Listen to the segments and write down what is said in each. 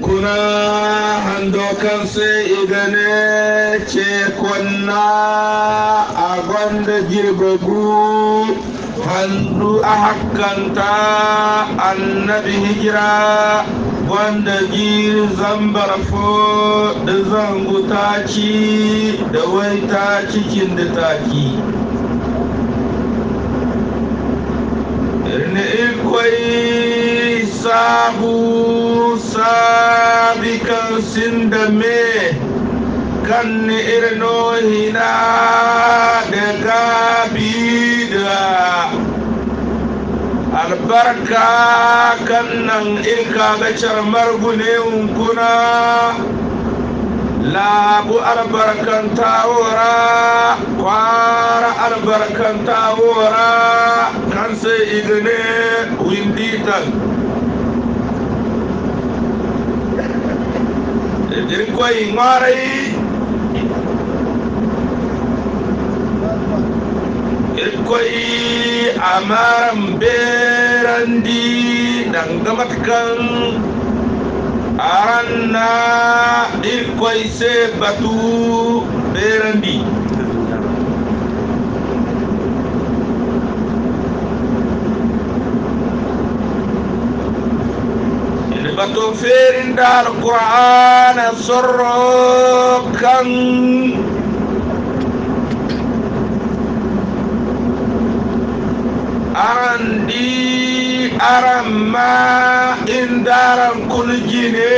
kuna handokan sai idane ce a gwanda girbagu hannu a hakanta annabi hijira wanda gi zambar fo da zangu ta ci da wai ta cikin da taki ni ikwai sahu sabikan sin kan ni na da gabi da albarka kan nan ika ka bacar margunewun kuna labu albarkanta wura kwara albarkanta wura kan sai igne winditan jirin koy ngarai jirin koy amaram berandi dan gamatkan aranna il koyse batu berandi il batu ferin dal qur'an sorro arandi aramma indaram kulujine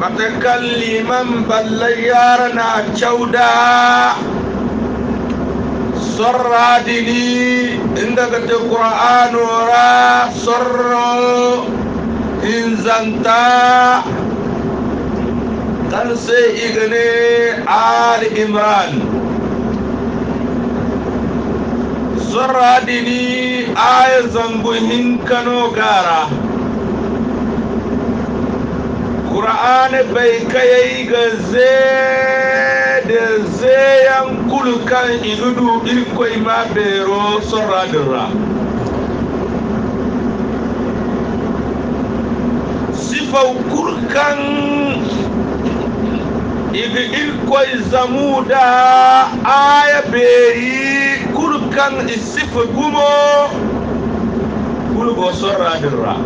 matakalliman ballayarana cawda sorradini indagate qur'anora sorro inzanta kan se igane al imran zorra dini aya zango min kano gara Ƙura'ani bai kai ga ze da zeyan kulukan iludu irkoi ma bero zorra dira sifau kurkan igi zamu zamuda aya beri Hulukan isif gumo Hulu gosor rahirra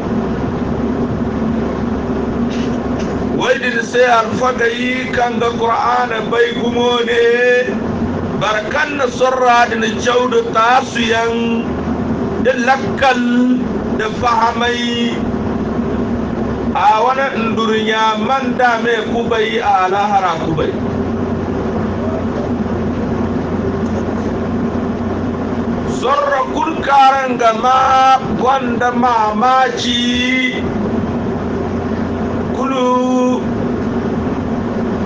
Wajid saya al-fadai kanda Qur'an bayi gumo ni Barakan surra din jauh tasu yang De lakal de fahamai Awana ndurnya mandame kubai ala haram kubai zorra kurkaran gama gwanda mamaci kulu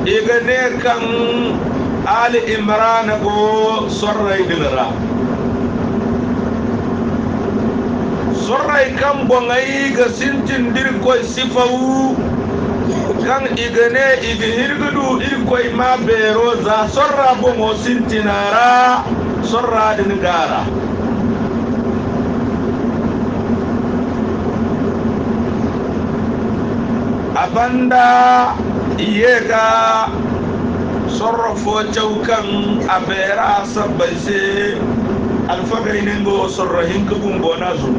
igane kan ali imran go zorra igilra zorra kan bongai ga sintin dirkoi sifawu kan igane igi hirgudu irkoi ma bero za sorra bongo sintinara sorra din gara banda yega sorrofo cawkan a bera sabbai se alfa gai nin go sorrahin kubun bona zu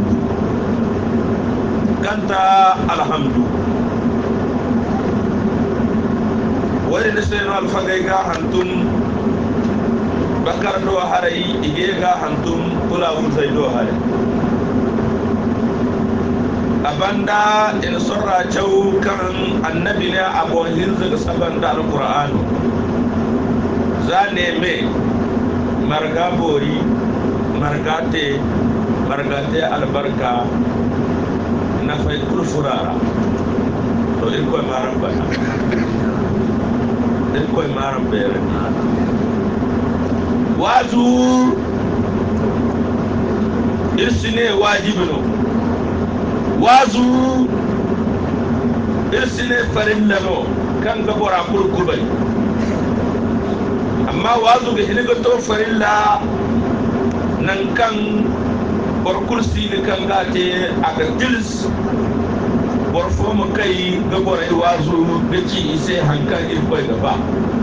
kanta alhamdu wani na sai na alfa gai ga hantun bakar do harai ige ga hantun kula wun sai do harai abanda in surra cew kan annabi ne abon hinzir saban da alqur'anu za ne me marga bori margate margate albarka na fai furara to in maran maram baya in koy maram bayar wazu irsine wajibinu wazu farin farillano kan gabora kurkubai amma wazu ga hiligato la nan kan barkursi ni kan gate a ga tilis barfo mu kai gabora wazu da ci sai hankan irkwai gaba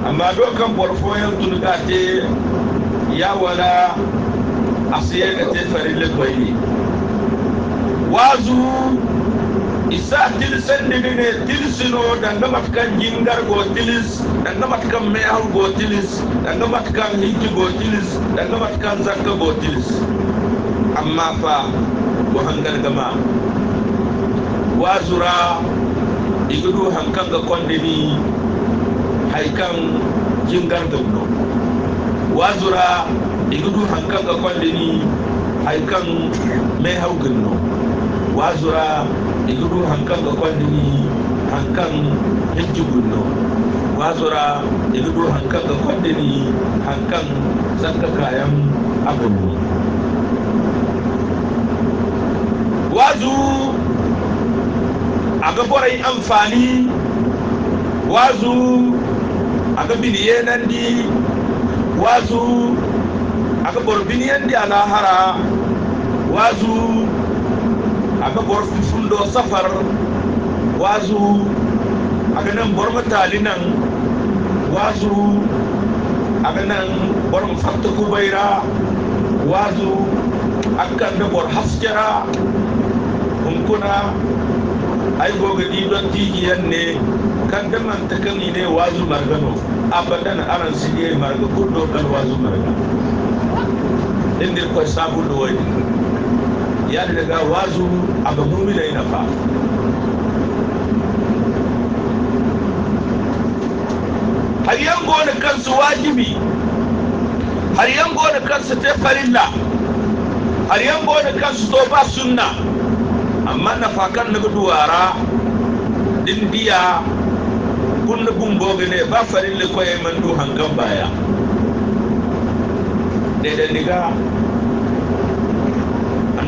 amma dokan barfo tun gate ya wala a siya ga farin likwai ne wazu isa ne tilisino tilsino na matkan jingar go tilis na matkan mehar go tilis na matkan hijji go tilis na matkan zakka go tilis amma fa ko hangal gama wazura igudu hankan ga kondini haikan jingar da wuno wazura igudu hankan ga kondini haikan mehau ginno wazura iguru hankan ga kwandini hankan hijji gunno wazura iguru hankan ga kwandini hankan sanka kayan abunni wazu a ga amfani wazu a ga biliye nan di wazu a gabar biniyan di alahara wazu aka sun fundo safar wazu aka nan bar mutali nan wazu aka nan bor fatta kubaira wazu aka nan bar haskara kuna ai goga didon tijiyan ne kan man ta kan ne wazu margano abadan aran su ne marga kudo kan wazu marga inda kwa sabu da wani yadda daga wazu aga da ina fa har yango da kansu wajibi har yango da kansu ta farilla har yango da kansu to ba sunna amma na fakan na duwara din biya kun na bumbo ne ba farilla koyi man du hankan baya daidai diga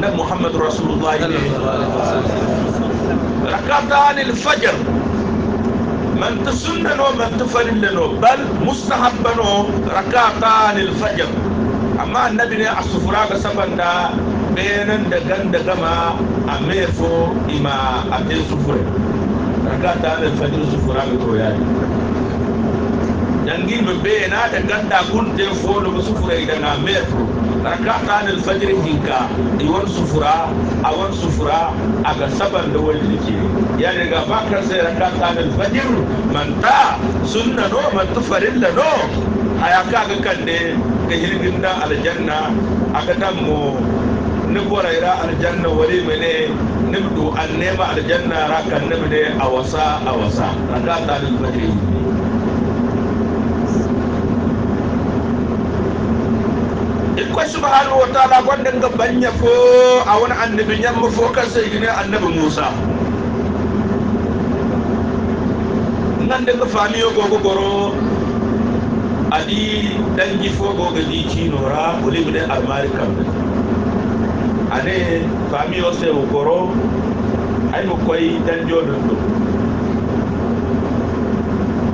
عندك محمد رسول الله صلى الله عليه وسلم ركعتان الفجر من تسنن ومن تفرن بل مستحب ركعتان الفجر اما النبي نبي الصفراء سبن دا بينن دا كان دا كما اميفو اما اتين صفر ركعتان الفجر صفراء بكو يعني جنجين بينا دا كان دا كنت فولو بصفر اذا اميفو in alfajr hinka wani sufura a wani sufura a ga saban da wani ke ya daga bakar sai raka'an alfajr manta sunna no manta farilla no aya ga kan de ga hirgin da aljanna aga dan mu ni boraira aljanna wari mene ni an nema aljanna rakan ne a wasa a wasa raka'an alfajr subhanahu wa ta'ala gwandan ga banya fo a wani annabin yamma fo kan sai gine annabi Musa nan daga famiyo gogo goro adi dan gifo gogo di cinora ulim da almarika ade famiyo sai goro ai mu koy dan jodon do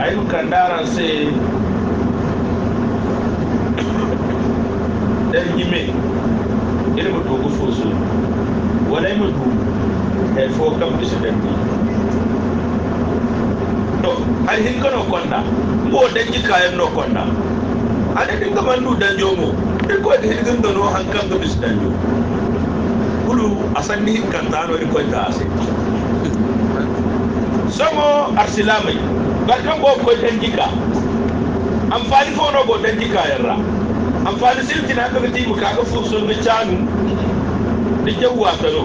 ai mu kandaran sai dan hime ina mu dogo fosu wala mu du e fo kam bisu dan ni to ai hin kono konna mo dan ji kayan no konna ada din ga mandu dan jomo din ko hin gan dono han kam bisu dan jomo kulu asan ni hin kan tano ri ko ta ase somo arsilamai barkan go ko dan jika amfani fo no go dan jika yarra amfani silti na ka ti muka ga fusul ni chanu ni jawwa ta no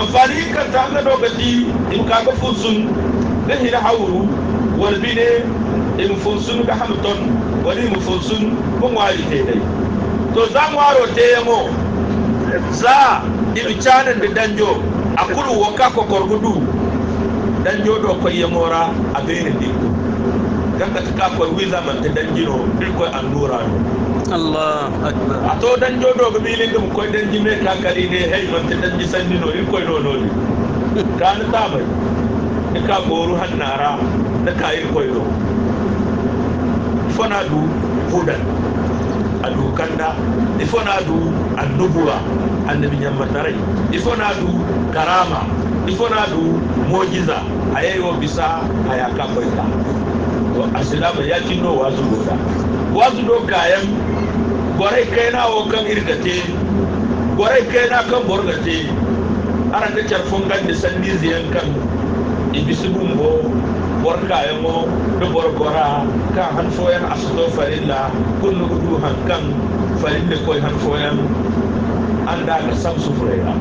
amfani kan ta na do ga ti muka ga fusul da hira hawru wal bine in fusul ga hamton wani mu fusul mun wali te dai to za mu waro te mo za ilu canan da danjo akulu waka ko korgudu danjo do ko a bene di ganga ta ka ko wiza man ta danjiro ko an nura no allah akbar a to dan jodo ga bilin dum ko dan jime ka kali ne hey man ta dan jisan ni no in ko no no ka na ta bai ni ka goru hannara da ka yi ko no fona du hudan adu kanda ifona du annubuwa annabi nyammatarai ifona du karama ifona du mojiza ayayo bisa ayaka kwaita to asilama ya kinno wazu goda wazu do kayan gwarai kai na wa kan irgate gwarai kai na kan borgate ana ta carfin gan da san diziyan kan su bumbo borka mo da gwargwara kan han foyan asudo farilla kullu hudu han kan farilla koy han foyan da ka sam sufrega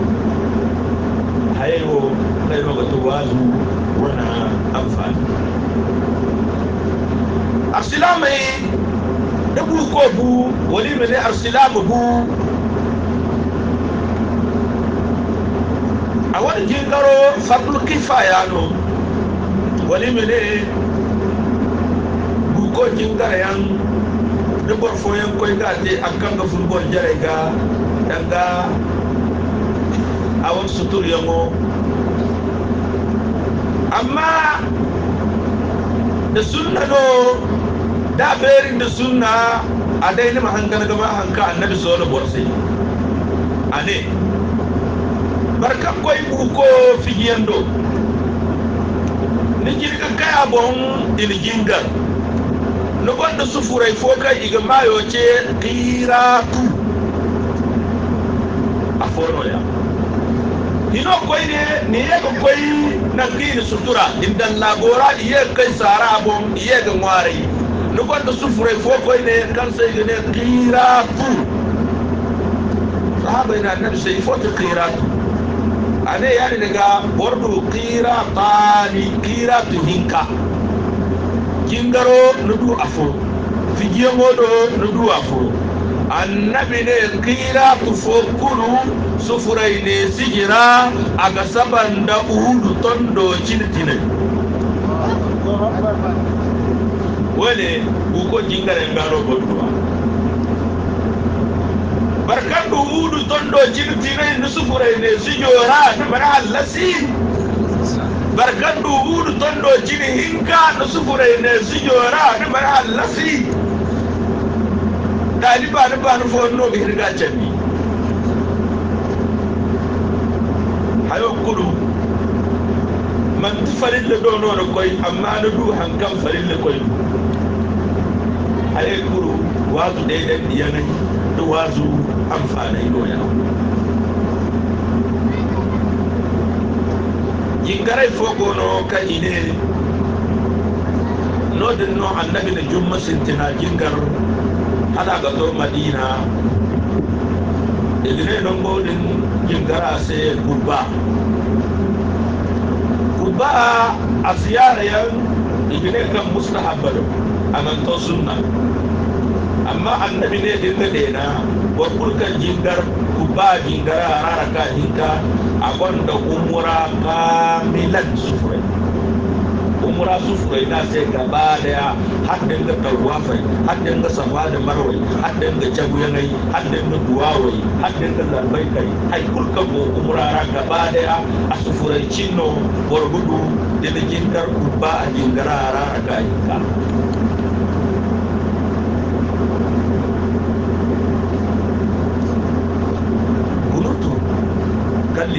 hayo na yi maka tuwazu wana amfani asilamai ne b'u ko bu wali mine arsilamu bu awon garo fardul kifaya no wali mine bu ko jinkara yan ne bor fo yan koy ga te akam ga ful jare ga danga awon sutur yango amma da sunna do da berin da sunna a dai lima hankali gama hanka annabi so da borse ane barka koi bu ko do. ni jirga kaya bon il jingar no gonda sufurai fokai kai iga mayo ce a afono ya ino koi ne ni ya koi na kiri sutura indan lagora ye kai sara bon ye ga ngwari ni gonda sufure fo koyne kan seygene qiratu sahaba ina annabi sey foto qiratu ane yani daga bordu qiratani qiratu hinka jingaro nudu afuro fijiyeŋoɗo nudu afuro annabi ne qiratu fo kulu sufuray ne sijira aga sabanda uudu ton do cintinay wole guko jingara ngaro boduwa barkandu wudu tondo jibtire nusufure ne sijora ne bara lasi barkandu wudu tondo jibi hinka nusufure ne sijora ne bara lasi tani bana bana fonno bi hirga chami hayo kudu man ti farille do nono koy amma no du hankam farille koy du a yi kuro wazu ɗaya da biyar da wazu amfanin doya yingara ifo gono ka ine nodin no annabi da jumma sintina jingar ala ga to madina idire non godin jingara se kurba kurba a ziyara yan idire kan mustahabbalo to sunna amma annabi ne dinga dena wa kurkan jingar ku ba jingara a raraka jinka a wanda umura kamilan sufurai umura sufurai na sai gaba daya har dinga tarwafai har dinga safa da marwai har dinga yanayi har dinga duwawai har dinga zarbai kai ai kurkan ko umura gaba daya a sufurai cinno wargudu da jingar ku ba a jingara a raraka jinka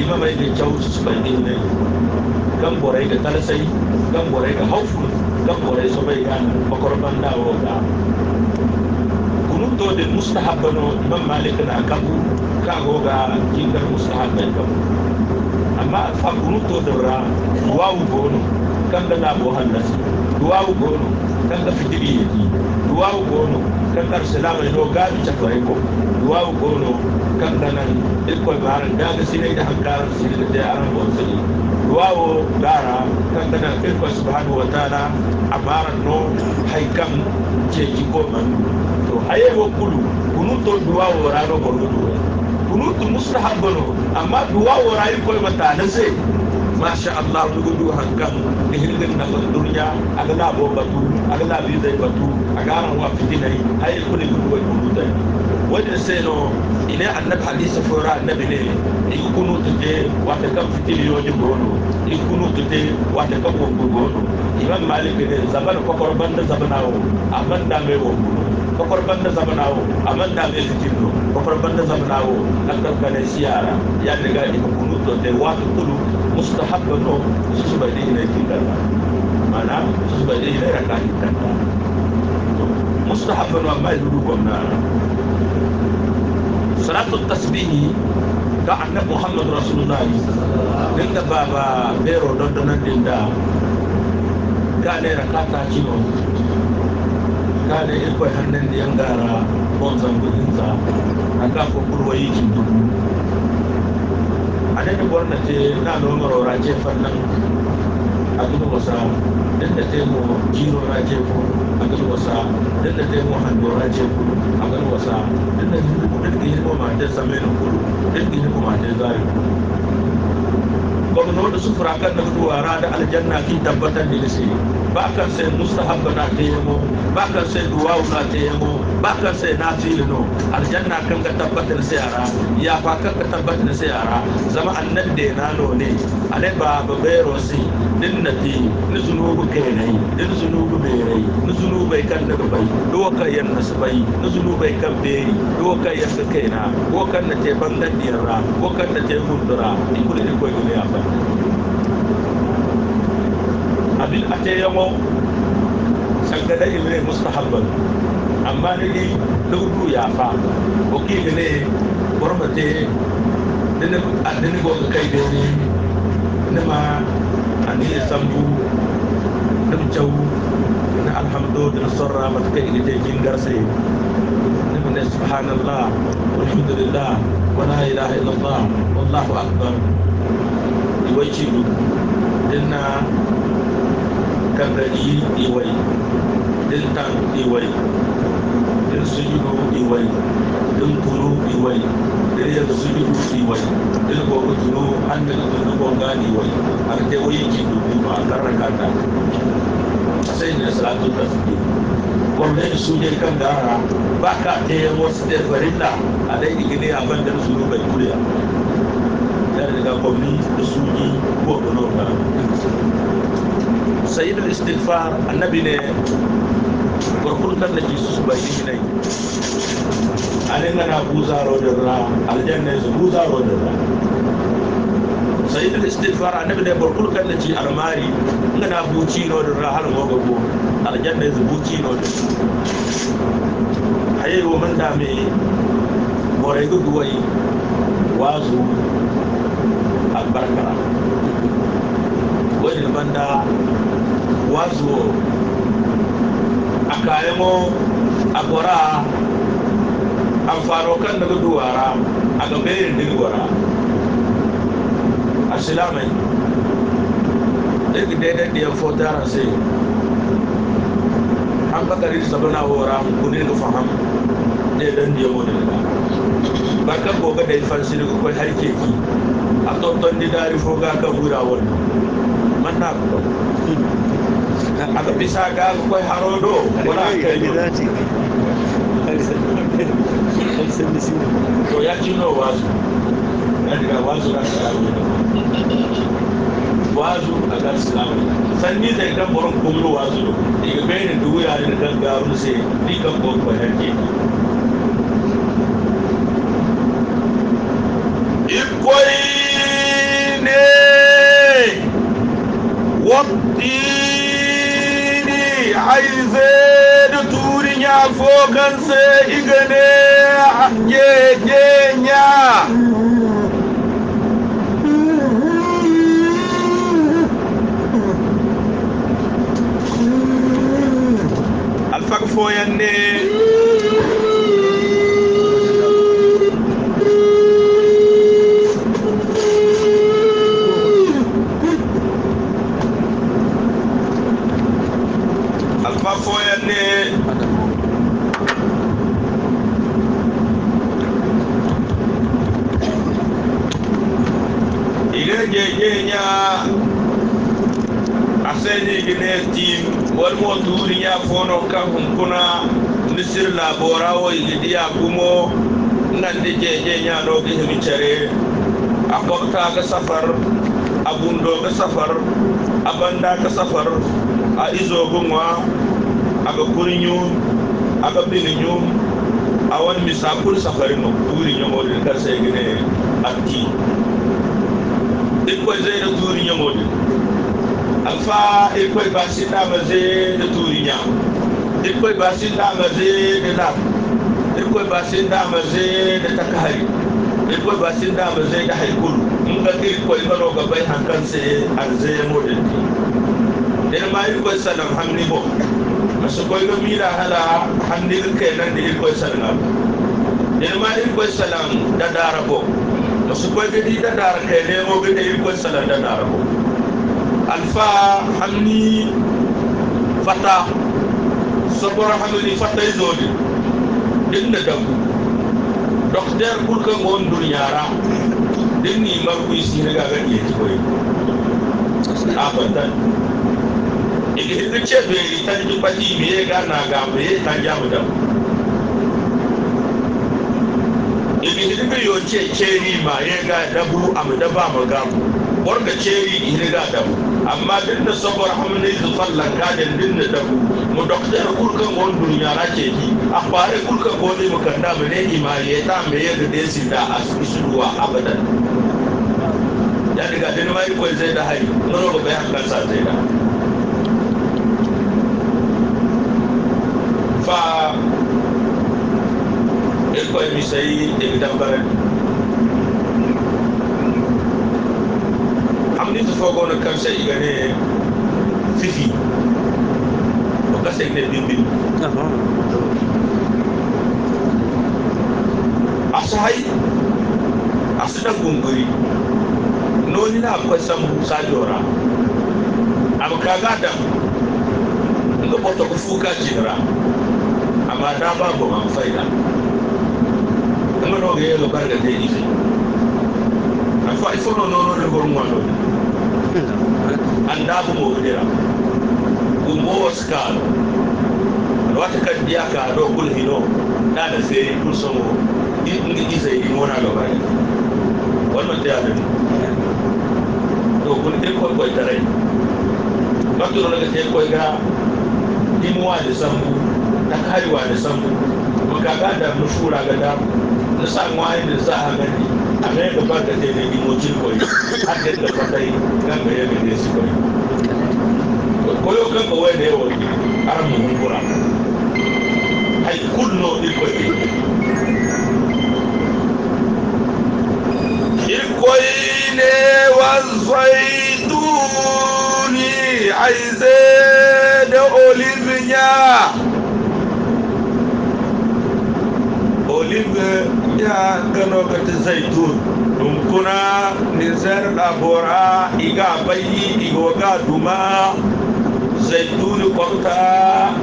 ba mai da kyau su bai din ne kan borai da talasai kan borai da haufu kan borai su bai gane makarban dawo da kunuto da mustahabbano imam malik na kabu ka goga kingar mustahabbai kabu amma fa kunun to da ra duwawu gono kan da labo hannasi duwawu gono kan da fitiri yake duwawu gono kandar silama no gabi chakore ko duwawu gono kandanan ikko mara daga sine da hankar sine da aran bon sine duwawu gara kandanan ikko subhanahu wa ta'ala amara no haikam je jiko man to haye wo kulu kunu to duwawu rano gorgo duwa kunu to mustahabbo amma duwawu rayi ko mata na sai masha Allah to gudu hankan da hillin na duniya alala bo batu alala bi zai batu a garan wa fitinai ai kulli gudu wa gudu dai wajen sai no ina annabi hadisi fura annabi ne iku kunu tuje wata kan fitili yoji gono iku kunu tuje wata kan wogu gono imam malik ne zaman kokor banda zabanawo amman da mai wogu kokor banda zabanawo amman da mai fitilo kokor banda zabanawo kan kan siyara ya daga iku kunu tuje wata kulu mustahabbatu shishiba daidai na kintanta mana shishiba daidai na ka kintanta mustahabbatu amma ya dudu gwamna salatu tasbihi ga annabi muhammad rasulullahi din da baba bero dandanan din da ga ne ci ciwo ga ne irkwai hannun da yan gara bonzan gudunsa a ko kurwayi cin dubu ada ni bon nate na lo ngoro ra je fannan aku to sa den nate mo jiro ra je ko aku to sa den nate mo han do ra je ko aku to sa den nate mo den ke mo ma te sa me no ko den ke mo ma te za yo ko no do su fraka na ko ara da al janna ki tabbatan di lisi se mustahab na te mo ba ka se duwa na te ba kan sai na fili no aljanna kan ka tabbatar sai yara ya fa kan ka tabbatar sai yara zama annan da na no ne ale ba ba bai rosi din na fi ni zunubu kai nai din zunubu bai rai ni zunubai kan daga bai do ka yan su bai ni zunubai kan bai do ka yan ka kai na ko kan na te bangan diyarra ko kan na te hundura in kudi ni koyi ne afa abil ate yamo sangada ilmi mustahabban amma ya, ne ni lokutu ya fa o ki ne ne boro ba te ne ne a ne ne bo kai de ni ne ma a ni sambu ne mu ne alhamdu ne sarra ma te ni te jin gar se ne ne subhanallah Alhamdulillah, wa la ilaha illallah wallahu akbar iwaci du dinna kan da yi iwai dinta iwai الجنوب ويل القلوب ويل dare da su yi wannan su ne kan gara ba ka wasu farilla a dai a bandar su bai kuriya ya gwamni da su yi ko ka annabi ne ಬರ್ಕೊಡ್ಕಲ್ಲ Jesus aljanna ಅಲ್ಲಿಂದ ನಾವು ಬೂಜಾರೋದಿಲ್ಲ ಅಲ್ಜನ್ನೇ ಬೂಜಾರೋದಿಲ್ಲ sayyidul istighfar annabi da barkul da ci almari inda na buci no da rahar gogago aljanna zu buci no da ayi wo man da me bore gu duwai wazu albarka wani banda wazu maka emo agora amfarokan daga duwara a gabayin dilwara a silamai daga daidai da ya fota na sai an bakari da sabana wara kuni ga faham da ya dandiyo mu da ba baka goga da ifan sinu ko kai harke ki a tottan didari foga ka gura wannan manna ko aka bisa ga akwai harodo wani aka to ya ci no wazu ya daga wazu na salamu wazu a kan salamu sanni da idan burin kumlu wazu da daga bayanin da wuya da kan garu sai dukkan gwamnati yanke ikwai ne wabdi ize da turinya fo kan se igane ye ye nya alfak foyande nyenya asedi gine tim wal mo duri ya fono ka hunkuna nisir la borawo igidi ya gumo nan di jeje nya do gi mi cere akobta ga safar abundo ga safar abanda ga safar a izo gunwa aga kurinyu aga bininyu awan misakul safarino duri nyomo de ka segine atti irkoy zai da turi nya modi alfa irkoy ba si da ma zai da turi nya irkoy ba si da ma zai da da irkoy ba si da ma zai da takahari irkoy ba si da ma zai da haikulu in ga irkoy ma roga bai hankan sai arzai modi dan ma irkoy salam hamni bo masu koy ga mira hala hamni ga kenan da irkoy salam dan ma irkoy salam da darabo no su ko di da dar ke le mo ge de ko sala da dar ko al fa hamni fata so ko rahamni fata zodi din na da ko dox der ko ko mo ndur yara din ni mar ko isi ne ga ga ye ci ko a ko ta e ge de che be ta ju pati me ga na ga be ta ja mo da ko bi yo ce ceri ma ya ga dabu am da ba mu ga da ceri ini ga dabu amma din da sabar hamne zu sallan gadan din da dabu mu doktor kurkan gon duniya ra ce ki kurka ko gode mu kanda da mu ne ye ta me ya ga desi da asisuwa abadan ya diga din mai ko zai da hayi nono ba ya kan sa zai da fa القيمسي ابن برد am ni to fogo na kam sai igane fifi o ka sai ne bimbi asai asina gunguri noni na akwai sambu sajora am kaga da ngo boto ko fuka jinra amma da babu amfaida mano ga yelo barga de ni afa ifo no no no de gor mo no anda bu mo dira ku mo skalo wata kan biya ka do kul hino da da sai kun samu mo in ni sai ga bari wannan da da to kun te ko ko tare daga te ko ga dimuwa da sambu da kaiwa da sambu maka ga da mushura ga da ne san wani ne sa haka ne a mai da fata ta yi moci a ta da fata yi kan ga yadda ne su kwari koyo kan ga wani da yawa ne har mu hunkura ai kullo ne kwari ikwai ne wasai duni aize da olivinya olivinya ka gano ka zai zaitun dum kuna ni zer da bora iga bayi iga ga duma zaituni kwanta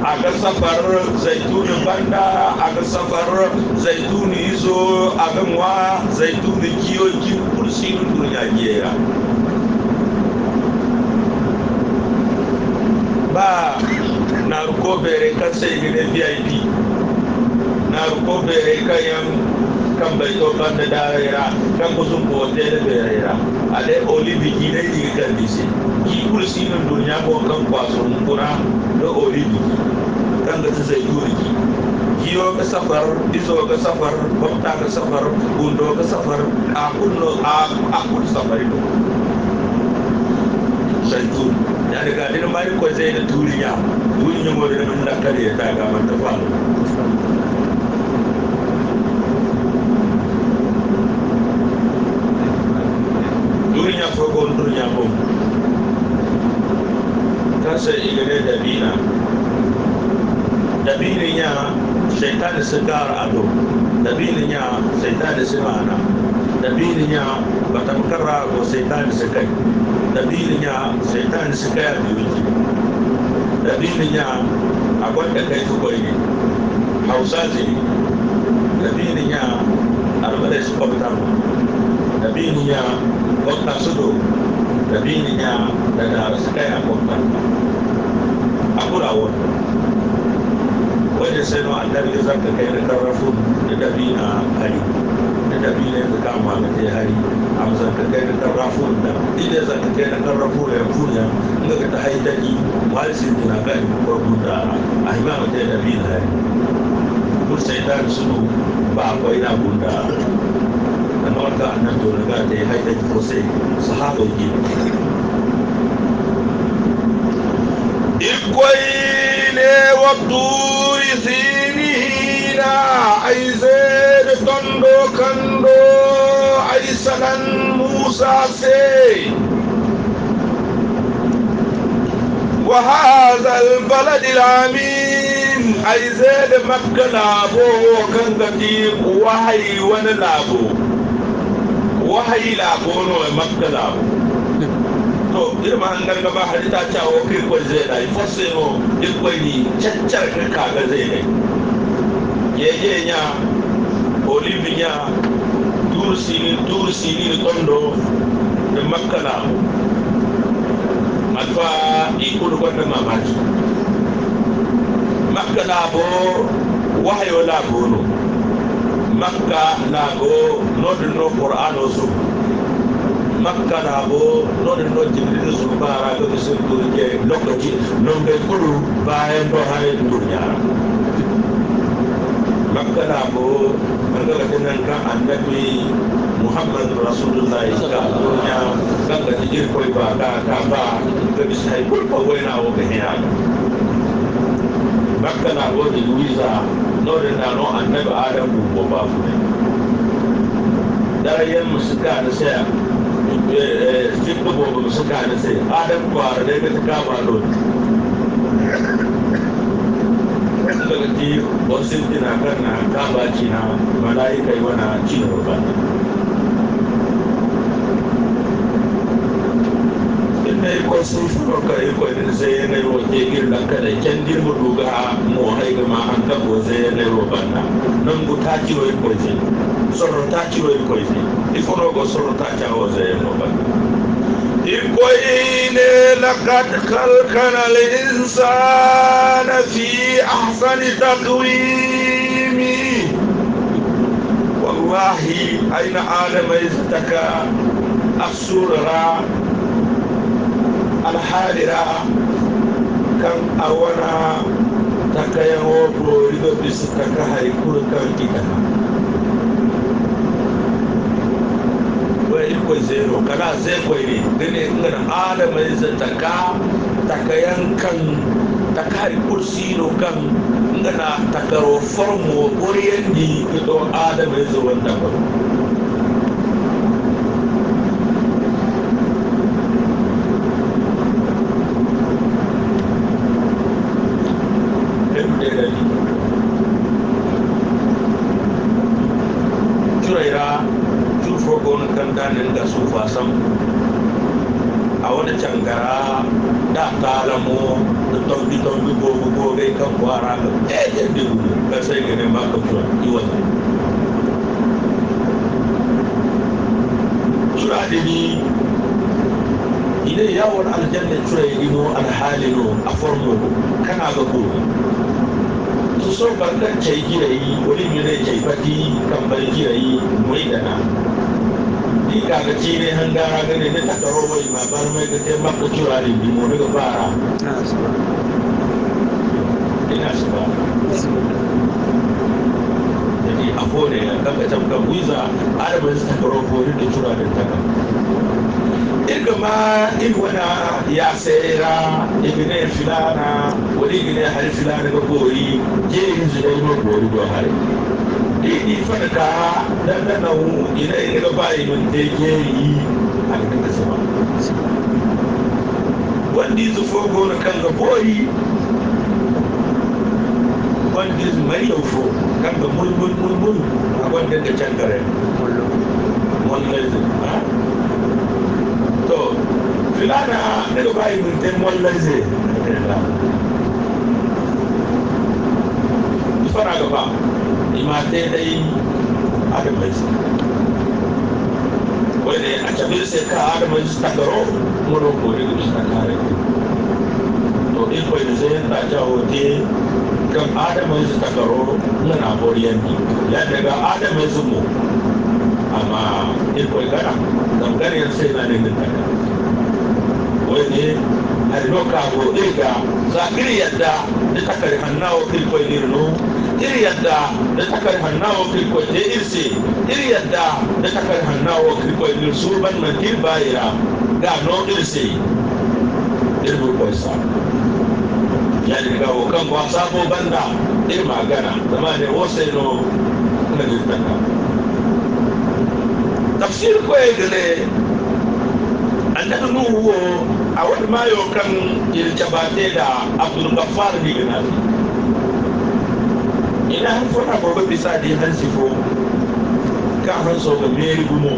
a ga safar zaituni banda a ga safar zaituni izo a ga mwa zaituni kiyo ki kursi duniya giya ba na rukobere bere kan vip na rukobere bere pembentukan daerah kampus-kampus di daerah ada oleh bikinai di kandisi kipul sini dunia buat kampus mengkura ke oleh bikin kan kata saya juri kio ke safar iso ke safar bapta ke safar undo ke safar aku lo aku aku di safar itu saya itu yang dekat dia nombor kuasa yang dunia dunia mula dengan mendakar dia tak akan mendapat bila dia bina tapi bilinya syaitan segar aduh tapi bilinya syaitan semana tapi bilinya batam kerra ko syaitan sekai tapi bilinya syaitan sekai biuji tapi bilinya aku tak kai suka ini hausaji tapi bilinya arbala suka batam tapi bilinya tak sudu tapi bilinya harus sekai aku tak takurawa wajen sai na annabi ya zaka kai da karrafu da dabi a hari da dabi ne da kama da ta hari am zaka kai da karrafu da ida zaka kai da karrafu da kunya daga ta haidaki walsin da kai ko da ahima da dabi na hari sai ta su ba akwai na guda da ka annabi da ta haidaki ko sai sahabo ke كويل والطور سينينا أي زير تندو كندو أي سنن موسى سي وهذا البلد الأمين أي زيد مكة لابو وكان دقيق وحي ونلابو وحي لابو مكة لابو to ye ma an garga ba hari ta cawo ke ko zai dai fosse no ye ko ni caccar ka kaga zai dai ye ye nya olibi nya duru sini duru sini kondo da makkala alfa ikulu kwanda mamaki makka labo wahayo labo no makka labo nodin no qur'ano su makka naabo noɗen ɗo jibril subara ɗoɓe sirdoje lokkaji non ɓe koɗu bayen ɗo ha e duniya makka naabo agalatenan ka annabi muhammadu rasulullahi ka duniya gangati irkoy ba ka ka ba gaɓi hay kulpa woyna woɓe heyaga makka naabo de louisa noɗen nano annabi adam gumbo bafude darayen musika da saya sai ಸಿಟ್ಟು ಹೋಗುವುದು ಸುಖ ಅನಿಸಿ ಆಡಂಬಾರದೆ ಗತಕ ಮಾಡೋದು lokaci wasu jina kan na kaba cina malaika yi wana cina ba inda yi kwasu shuru ka yi kwanin sai yana yi wa ke gir lanka da kyan dirmu duga mu haigama an kabo sai yana yi wa banna nan ta ciwo yi kwanin il sorotaki wenkoyni ifonogo sorotaki awozeenoba ikoyine lakad kalkana linsana fi ahsani takwimi wallahi aina adama iztaka absurara alhalira kan awana takayahoɓo riɗo ɗis taka hay kan itaka bakwai zero kana zai kwaire dane ngana ala mai zataka takayan kan takari no kan ngana mu formo oriyendi ito adama ala mai wanda takaro awon aljanna tura ino alhalino a formo kana ga ko su so banda cai girayi wani mire cai fati kan bar girayi mai dana ni ka ga ci ne hangara gane ne ta taro wai ma bar mai ga te maka tura ne bi mu daga fara A di afone kaka kan wiza arabar su takaro kori da tura da taka irga ma irwana ya sayera igine filana wani igine hari filana ga kori je yin da yi kori don hari ni fada da dan ina ina ga bayi mun dai yi a kan da sama wanda yi zufo gona kan ga kori wanda yi mai fo. kan ga bul bul bul bul akwai da ta can gare kullum wallazi to filana ne do bai mun tan wallazi fara gaba imate dai adamai wani a cabin sai ka adamai su takaro muro kore da su takare to in kwai da sai ta jawo te kan adamansu takaro ngana boriyandi yadaga adamansu mo amma irkoy gara dangariyar sai na nengin taka wani alloka go irga za iri yadda da takari hannawo irkoy nirno iri yadda da takari hannawo irkoy te irse iri yadda da takari hannawo irkoy nir surban na kirbayira ga no irse irkoy sa yani ga kan ba sabo banda e magana zama ne wose no na ne taka tafsir ko e gele annabi nu wo a wani mayo kan irjabate da abdul gaffar bi gana ina han fona gobe bisa di han sifo ka han so ga meri gumo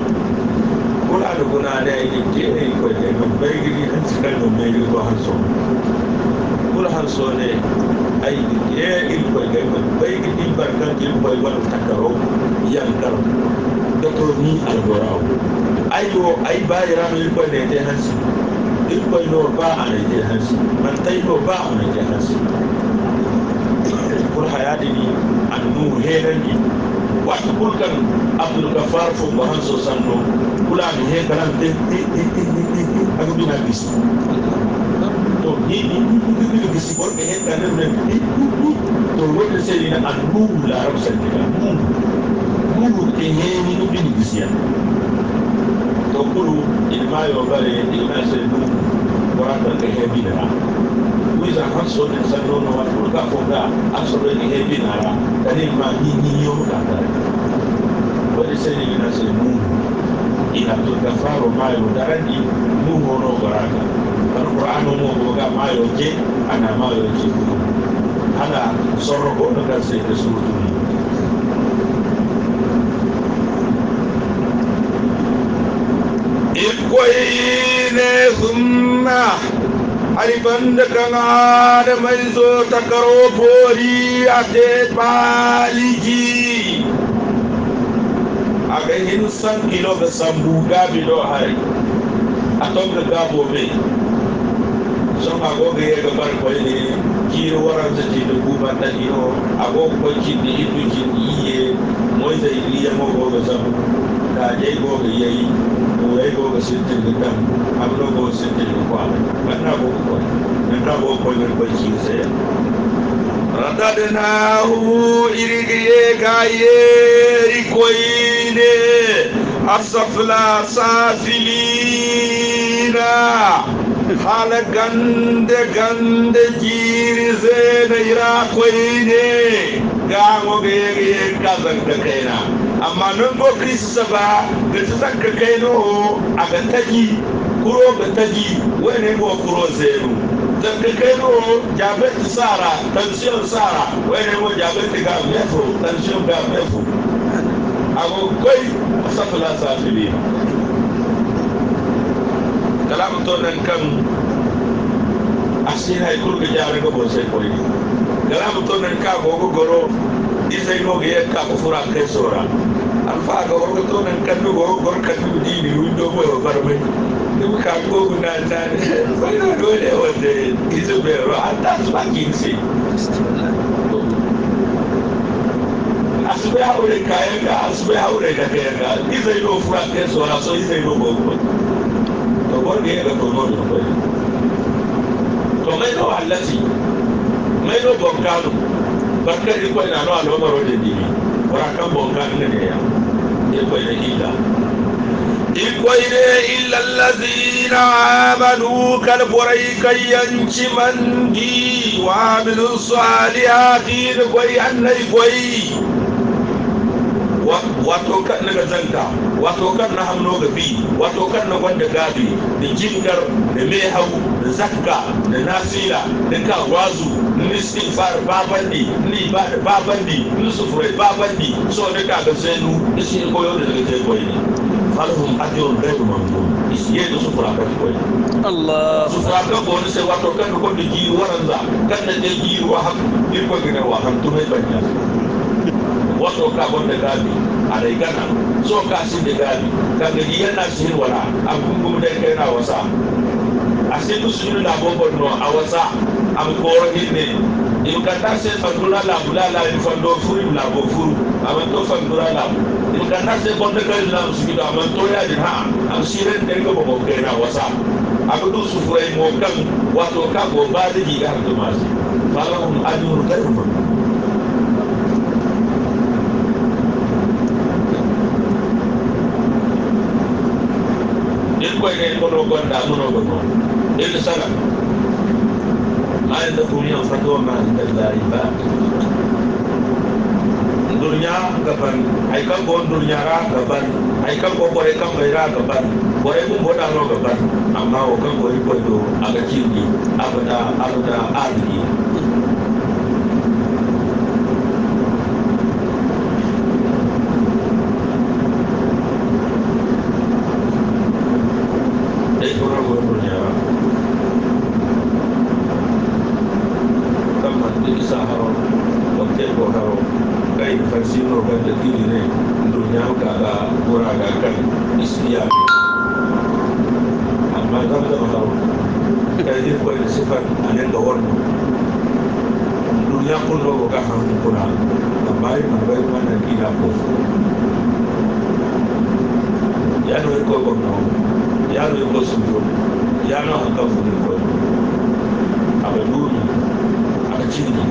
kula da guna ne ke ne ko ne ba gidi han sifo no meri ko han so hansone ay e il koy gay man bay ki di barkan il koy wan takaro yan dar da to ni algorawo ay wo ay bayira il koy ne te hansi il koy no ba ane te hansi man tay ko ba ane te hansi kur hayadi ni an nu helan ni wa kur kan abdul kafar fo ba hanso sanno kula ni he kalam te te te te agudu na bisu يقول السبور بهند أنا من تقول سيدنا النور العرب سنتنا نور تهيني نبين بسيان تقول إلما يوغر إلما سيدنا ورانا تهيني نرى وإذا حصل الإنسان نونا وفرقا فوقا أصل تهيني نرى تهيني ما نيني يوم كاتر ولسيدنا سيدنا إلى تتفارو ما يودعني نور نوغرانا alqur'an mu ga ma yoke ana ma yoke ana sarrafa wannan da sai da surutu ikwai ne sunna aliban da kan da mai zo ta karo bori a te baligi a ga hin san ilo ga san buga bilo hari a tonga gabo bai son ago ga yega bar ko ne kiro waran ta ti da guba ta ino ago ko ki ni ibu ki iye moy da iliya mo go ga sabu da dai go ga yayi ko yayi go ga sintin da kan abno go sintin ko ba kana go ko kana go ko ne ko ki sai radadnahu irigiye gaye ikoine asafla safilina hala gande gande jiri da ira kwai ne ga ngoga yeri yeri kazan da kaina amma nan go krista ba da ta zanka kaino a ga taji kuro ga taji ne go kuro zero zanka kaino jabet sara tension sara ne go jabet ga mefu tension ga mefo ago koi asafala safilina kalamu tɔn na nkan mu asira ikulu bi jaare ko bɔn sɛ kɔli kalamu tɔn na nkan ko ko gɔrɔ isa ino ga yɛ ka ko fura kɛ sora alfa ga wɔrɔ tɔn na nkan ko ko gɔrɔ ka tu di ni windo mo yɛ barbe ne ko ka ko ko na na fa na do le o de isa bɛ yɔrɔ a ta suma kinsi asubɛ awo de ka yɛ ka asubɛ awo de ka kɛ yɛ ka isa ino fura kɛ sora so isa ino bɔ bɔ. الكربون هي الكربون الأخير ثم ما هو حلتي ما هو بوكان بكر إيكو إن أنا على عمر ودي دي وراكم بوكان إن إيه إيكو إن إيكو إيكو إن إلا الذين آمنوا كالبوري كي ينشي من دي وعملوا الصالحات إيكو إن إيكو إيكو wato kan na gazanta wato kan na hamno gabi wato kan na wanda gabi da jingar da mai hau da zakka da nasila da kawazu ni sin istighfar babandi ni ibada babandi ni su sufure babandi so da ka ga sai nu isi koyo da daga sai koyi falhum ajrun ghayru mamnun isi su sufura ka koyi Allah sufura ka ko ni sai wato kan ko da ji waranza kan da ji wa ni irko gina wa kan mai banya wato ka bon da gabi a dai gana so ka shi da gabi ka ga yana shi wala a kun kuma dai na wasa a sai musulmi na bobon no a wasa a ko wani ne in ka ta sai fadura la bula la in fando furu la bo furu a ban to fadura la in ka ta sai bon da kai la musulmi da ban to ya din ha a shi ran da ko bo kai na wasa a kudu su furai mo kan wato ka go ba da giga da masu falahum ajrun karim kwenye mkono kwenda mkono kwenda ndio sana haya ndio dunia ufatwa na ndio ipa dunia gaban aika go dunia ra gaban aika go go aika go ra gaban go re go boda ro gaban amma o ka go ipo do aga chi ni abata abata adi sujud yana akan fudufudu abaduni akini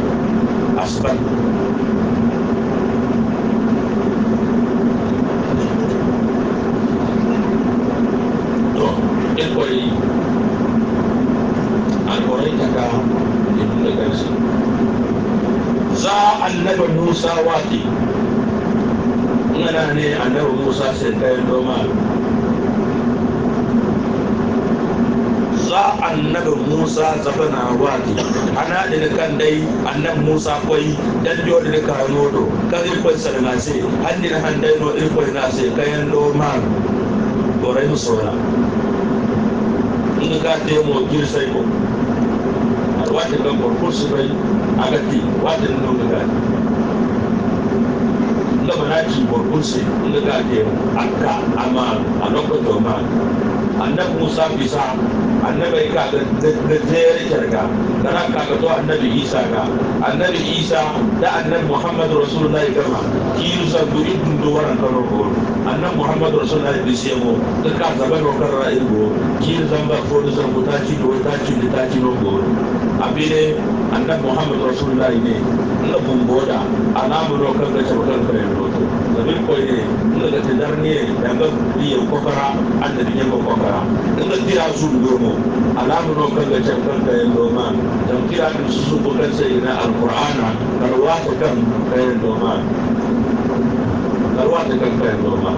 asban to ẹ̀kọ́ yìí alkọrọ yìí kaka nínú ẹgbẹ́ sí za annabi musa wati ngana ne annabi musa sai kai noma za annabi musa zabana wadi ana da kan dai annab musa kwai dan jo da ka nodo kan kwai sarnase hanni na handai no kwai na sai kayan loma gore mu sora in ka te mo gir sai ko wata kan ko kursu bai agati wata no ga da na ci ko kursu in ka te akka amma a lokacin ma annab musa bisa annabi ka da jerikar ka da ranka ka to annabi isa ka annabi isa da annabi muhammadu rasulullahi kama kiru sa du idun do waran ka ro annabi muhammadu rasulullahi bi sego da ka zaba ro kan ra'ayi go ki zamba ko da zan ku ta ci do ta ci da ta ci ro abile anda muhammad rasulullah ini na bumboda alamuro kan da shawkan kare ko da bi ko ne na da tadarniye da ga kuri ya kokara annabi ne ko kokara da tira zuwa domo alamuro kan da shawkan kare ko ma da tira da su ko kan sai na alqur'ana da ruwata kan kare ko ma da ruwata kan kare ko ma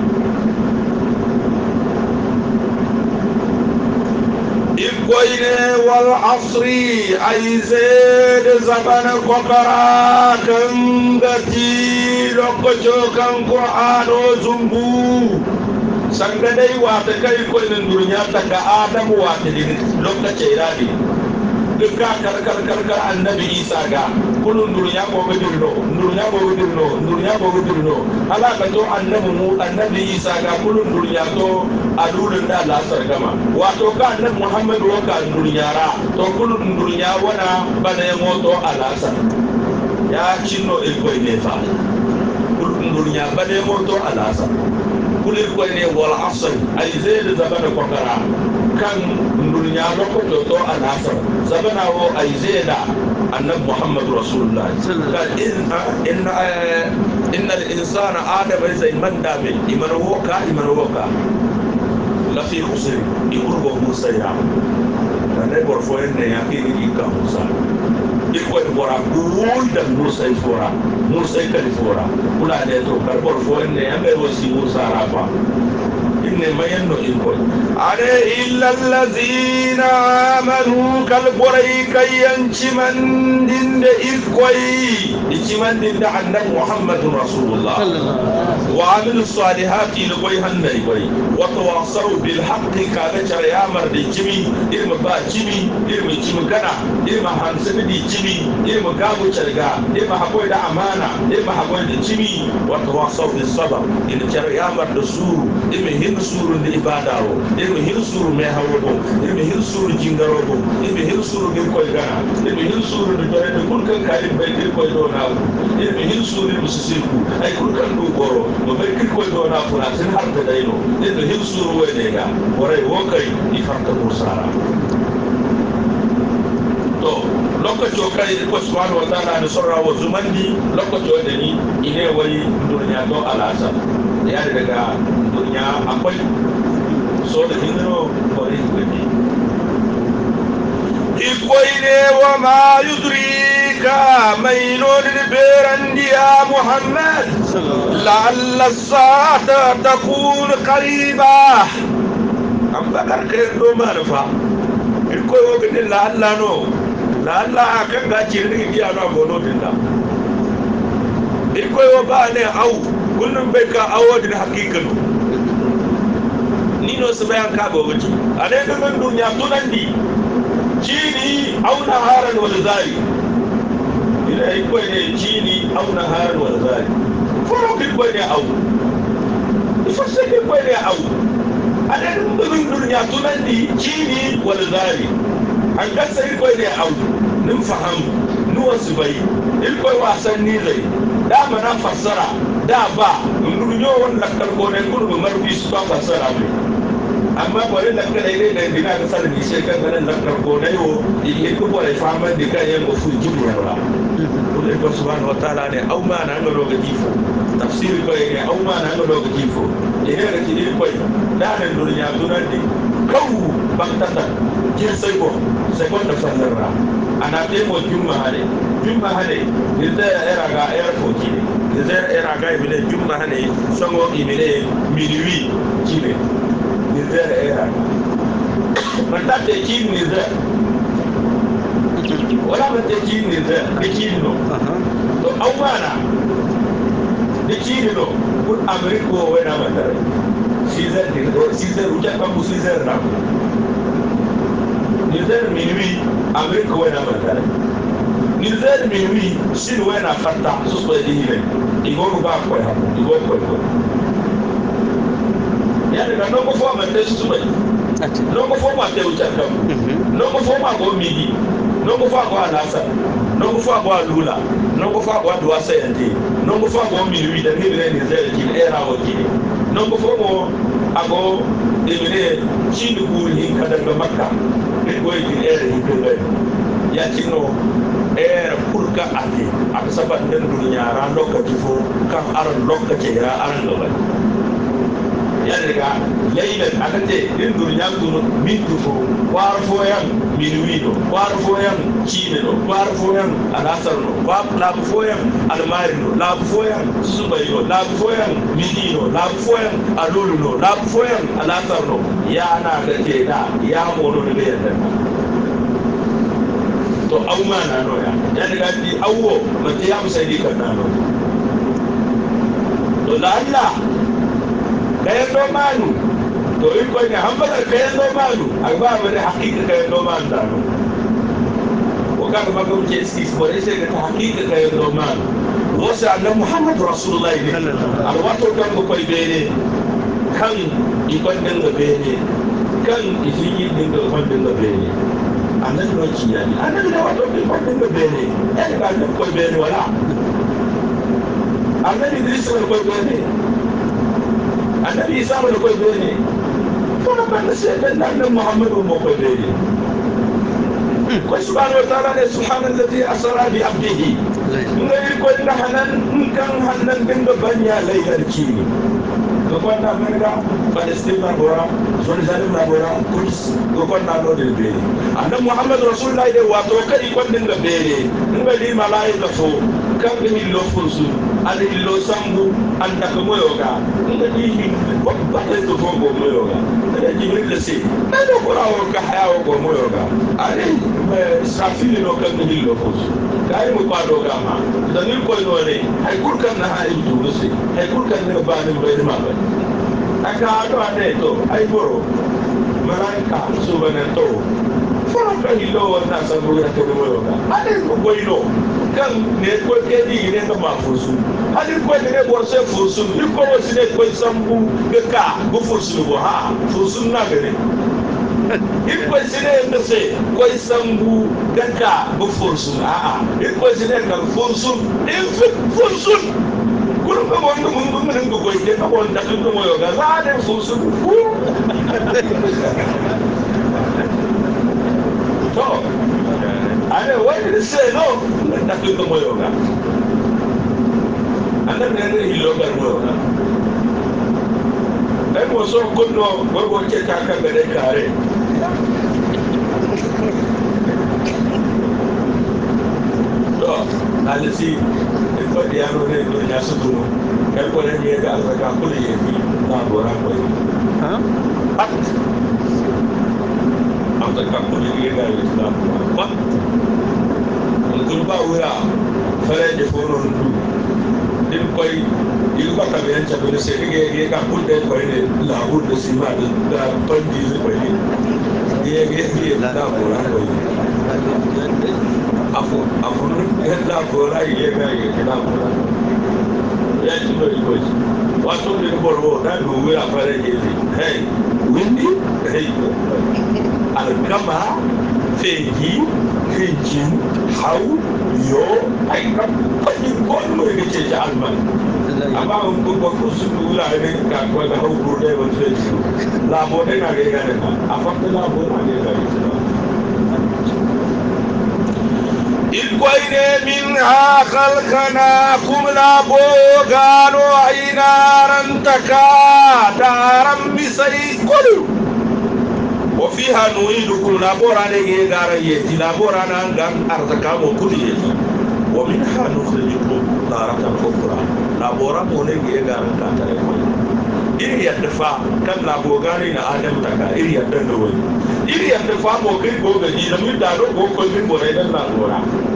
ikwaine wal asri zed da ko kokara kan gati jokan ko ado zumbu sangade wa wata kai kullun duniya ta ga adam wata lokacin rabi de gaa gal gal gal gal al nabi isa ga kulun ndur nya ko be dirlo ndur nya ko be dirlo ndur nya ko be dirlo ala ka to al nabi mu al nabi isa ga kulun ndur nya to adul nda la sar gama wa to ka al nabi muhammad wa ka ndur nya ra to kulun ndur nya wana ba da yo to ala ah sar ya chinno e ko ne fa kulun ndur nya ba da yo to ala ah sar kulir ko ne wal asr ay zeel zabana ko kara kan ñaano ko to to alasa zabana wo ay zeda annab muhammad rasulullah qal inna inna inna al insana adama isa man dame iman woka iman woka la fi khusr ikurbo musa ya ne bor fo en ne yakini ikka musa iko bora gunda musa ifora musa ikali fora kula de to karbor fo en ne ambe wosi musa rafa neman ibon are illallazin amanu kal kai kayan mandin da ikwai iki mandin da annan muhammadu rasulullah wa amin suwadi haƙi da kwai koi ibari wata wasar bil haƙi ka da yamar da jimi ilmi ba jimi ilmi jimi gana ilmi hamsini da jimi ilmi gabu carga ilmi haƙoi da amana ilmi haƙoi da jimi wata wasar bil saba ilmi yamar da su ilmi hindu helu suuru nde ibada o ɗen ɓe helu suuru mehawo go ɗen ɓe helu suuru jingaro go ɗen ɓe helu suuru ngel koye gana ɗen ɓe helu suuru nde dorede kun kan kaari mbay ngel koye ɗo nawo ɗen ɓe helu suuru ɗo sisirku ay kun kan ɗu goro no mbay ngel koye ɗo na funa ten harde ɗayno ɗen ɓe helu suuru woyde ga waray wo kay i farta pour sara to lokaci o kadi ɗi ko subahanahu wa taala ne sorrawo zumandi lokaci o ɗeni ine wayi durña to alasa ya daga dunya akwai so da hinro kore gani ikoine wa ma yudrika mainon beran ya muhammad la'alla sa'ata takun qariba an bakar kai do marfa iko yo bin la'alla no la'alla kan gaci rin biya na bono bin da iko yo ba ne au kullum bai ka awodi hakikan hakikatu nino su bayan ka wuce a dai nan duniya tunan di ni auna haran wal zari ina yi kwai ne ni auna haran wal zari furo ki kwai ne au ifashe ki kwai ne au a dai nan duniya tunan di ni wal zari an gasa yi kwai ne au nin fahamu nuwa su bai ilkwai wasan ni zai dama na fassara da ba muryo wani lakkar kone kurbu marfi su ba ba sara mai amma kone lakkar ire da dina ka sanin ishe kan ganin lakkar kone yo ihe ku bore fama da kan yan wasu jibu yawa kullum ba subhanahu wa ta'ala ne au ma na ngaro ga jifo tafsiri ko ne au ma na ngaro ga jifo ihe da kidi ko da nan duniya dunan ne kawu bantata jin sai ko sai ko da sanarra ana temo jumma hade jumma hade da era ga airport ne nze eraka ibile jumma hane songo ibile miliwi kile nze eraka matate kini nze wala mate kini nze de kini no to awara de kini no kun ameriko wena matare Caesar din ko Caesar uja kambu Caesar na Caesar miliwi ameriko wena matare Lizard Miri, Sinwe na Fata, Soso Edihire, Igoruba Akwe, Igo Ekwe Ekwe. Yàrá ìgbà lọ́kọ̀ fún àmọ̀ ẹ̀tẹ́ súnmọ̀ yìí, lọ́kọ̀ fún àmọ̀ àtẹ̀wò jàdọ̀, lọ́kọ̀ fún àgọ́ mìíní, lọ́kọ̀ fún àgọ́ àlàáfà, lọ́kọ̀ fún àgọ́ àlùlà, lọ́kọ̀ fún àgọ́ àdùwà sẹ́yẹ̀dẹ̀, lọ́kọ̀ fún àgọ́ mìíní dẹ̀bí ìrẹ́ ní ìrẹ́ ìjì ẹ̀rà ọ̀jì, lọ́kọ̀ fún àgọ́ yàtí náà. air pour ka ati ak sa ba ndel du ñaara ndokka ci fo ka ar ndokka ci ya ar lo ba yalla leena ak te ndel du ñaar du min du fo war fo yam min wi do war fo yam ci ne do war fo yam ala sar no wa la fo yam al mari no la fo yam su ba yo la fo yam min di no la fo yam alolu no la fo yam ala sar no ya na ka te da ya mo no ne yalla to awo maa na ano ya yanni ka di awo ma te ya musa yi ka na ano to laala kɛyɛ dɔ maa nu to yi ko nya an bala kɛyɛ dɔ maa nu ma ne hakiki kɛyɛ dɔ maa da ano o ka kaba ko jɛ sis bɔn e se ka taa hakiki kɛyɛ dɔ maa nu o muhammad Rasulullah de a ko waati o kan ko kɔ i bɛ kan i kɔ den ka bɛ ne kan i yi den ka kɔ den ka bɛ ne. anabi náà jìyà ni anabi náà wàá tóbi wàá tóbi bẹ́ẹ̀ ni ẹni bá tóbi kọ́ bẹ́ẹ̀ ni wọ́n náà anabi ní sọ kọ́ bẹ́ẹ̀ ni anabi isa wọ́n kọ́ bẹ́ẹ̀ ni fọlọ́ bá ní sẹ́yìn bẹ́ẹ̀ náà ní muhammadu mọ̀ kọ́ bẹ́ẹ̀ ni. وسبحانه وتعالى سبحان الذي أسرى بعبده نقول كل حنان كان حنان بن بني ليلة الكيني فقلنا من فلسطين الغرام so ni zani na bora kuls go kon na no de be anna muhammad rasulullah de wa to kadi kon din ga bere ngal di malaika fo kan ni lo fo su ali lo sambu anda ko moyo ga ngal di ni ko ba de to fo go moyo ga da jibril le se na do bora o ka haya o go moyo ga ali safili no kan ni lo fo su kai mu kwa do ga ma da ni ko no ne ai kurkan na ai du se ai kurkan ne ba ni ba ni ma ba ɛka aɖo aɖe to ayiboro malaika subenɛto fɔlɔfɛ yi lɔ wɔna sanfuru ya tɛnɛ wɛrɛ kan ale gbogbo yi lɔ kan ne ko kɛdi yi ne ka ma fosu ale ko ne wɔsɛ fosu ne ko wɔsi ne ko sanbu ne ka ko fosu wɔ ha fosu na gɛrɛ ikwesịrị emese kwaisambu dịka bụ fosun aa ikwesịrị ka fosun ife fosun gurfe wanda mun gurfe da goge ta wanda sun gurfe yau ga za a da su sun ku to ale wani se no da sun gurfe yau ga anan ne ne hilo ga yau ga ai mo so kunno gogo ke ka ka gare kare to analisi ikodiano ne ya sudu ekore ni ga alba ka kuli ye bi na bora ko yi ha am ta ka kuli ye ga ye na bora ko kun ba wura fere de foro ndu din koy yiru ba kabe en chabe se ge ge ka kun de koy ne la hu de sima de da ton di koy ye ge ge na bora ko yi afọ afọ ńlá afọra yìí ẹgbẹ ayé ńlá afọra yẹ ti lọ ìgbọ yìí wàá tó lè bọ̀ lọ́wọ́ náà ló wé afárá yìí lè hẹ́ẹ̀ wíńdí hẹ́ẹ̀ alikama fèyí fèyí hawu yọ àyíká pàṣẹ bọ́ọ̀lù mọ̀ èké kyekye alima àbá àwọn gbogbo kó sùkú láàrin nígbà kó ẹgbẹ́ àwọn gbòòrò dẹ́gbẹ́ tó yẹ ti lọ làbọ̀ ẹ̀ nàgẹ̀ إذ كوينا منها خلقناكم لابو كانوا عينارا تكا دارا بسي كلو وفيها نعيدكم لابو رانا يغارا يتي لابو رانا نغان أرتكامو كل يتي ومنها نخرجكم تارة أخرى لابو رانا يغارا كاتريكم iri yadda fa kan na bogari na adam taka iri yadda da wani iri yadda fa mo kai ko gaji na mun da ro ko ko bin borai dan na gora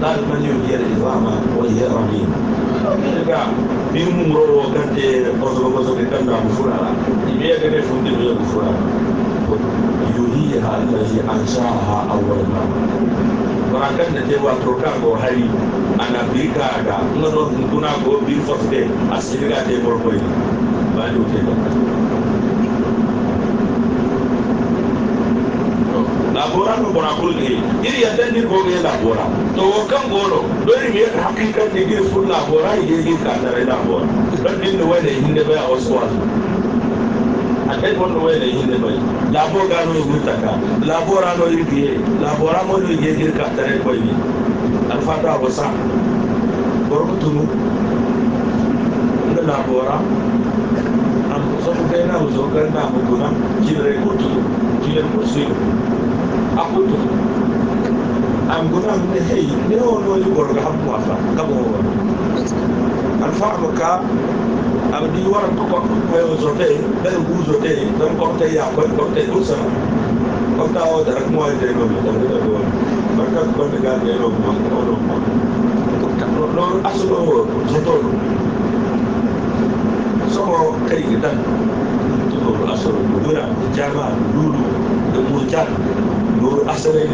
dal man yo yere zama wa hiya rahim ga min muro ro kante oso ko so kan da fura ibe ga ne fundi do fura yuhiha allazi ansaha awwal ma barakan da tewa to kan go hari ana bi ka ga ngado kuna go bi fosde asirga te morkoy ba do te labora no bora kulge iri yadda ni ko ge labora to wo kan goro dori me ka hakika ni ge fu labora ye ge ka tare labora dan din no wele hinde ba oswa akai ko no wele hinde ba labora ga no mutaka labora no iri labora mo no ye ge ka tare ko ni alfata bosa goro tunu labora am so ko na zo kan na mutuna jire ko tu jire ko akutu am gona ne hey ne o no li bor ga habu afa kabo al fa'lu ka am di wara ko ko ko zote be ngu zote don ko te ya ko ko te usa ko ta o dar ko ay de no ta de ko barka ko de ga de no ko ko no ko ta no aslo zoto so ko kai gidan to aslo dura jama lulu da mutan mundur asalnya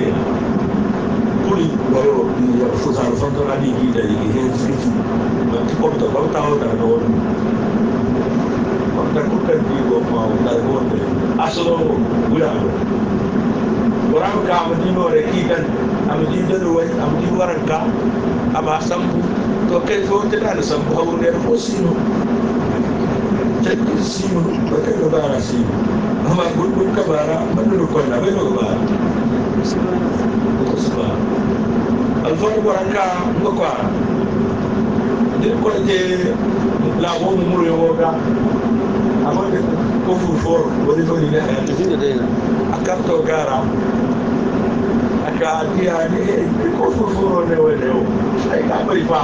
kuli baru ya, dia fusar fanto tadi kita jadi hensi itu nanti kau betul kau tahu tak kau tu kau tak kau kan dia kau mau dah kau bulan orang kau kan. kan, di mana lagi kan kami di dalam way kami di luar kau apa sampu kau kan kau tu dah sampu kau ni aku sih tu jadi sih tu betul betul sih Amat buruk kebara, menurut kau dah betul kebara. kusba alfan gwaranka ngokwa de ko je la wo mu re wo ga amma de ko fu for woni to ni ne ha ni de na akarto gara aka ti ani ko fu for ne wo ne wo ai ka bari fa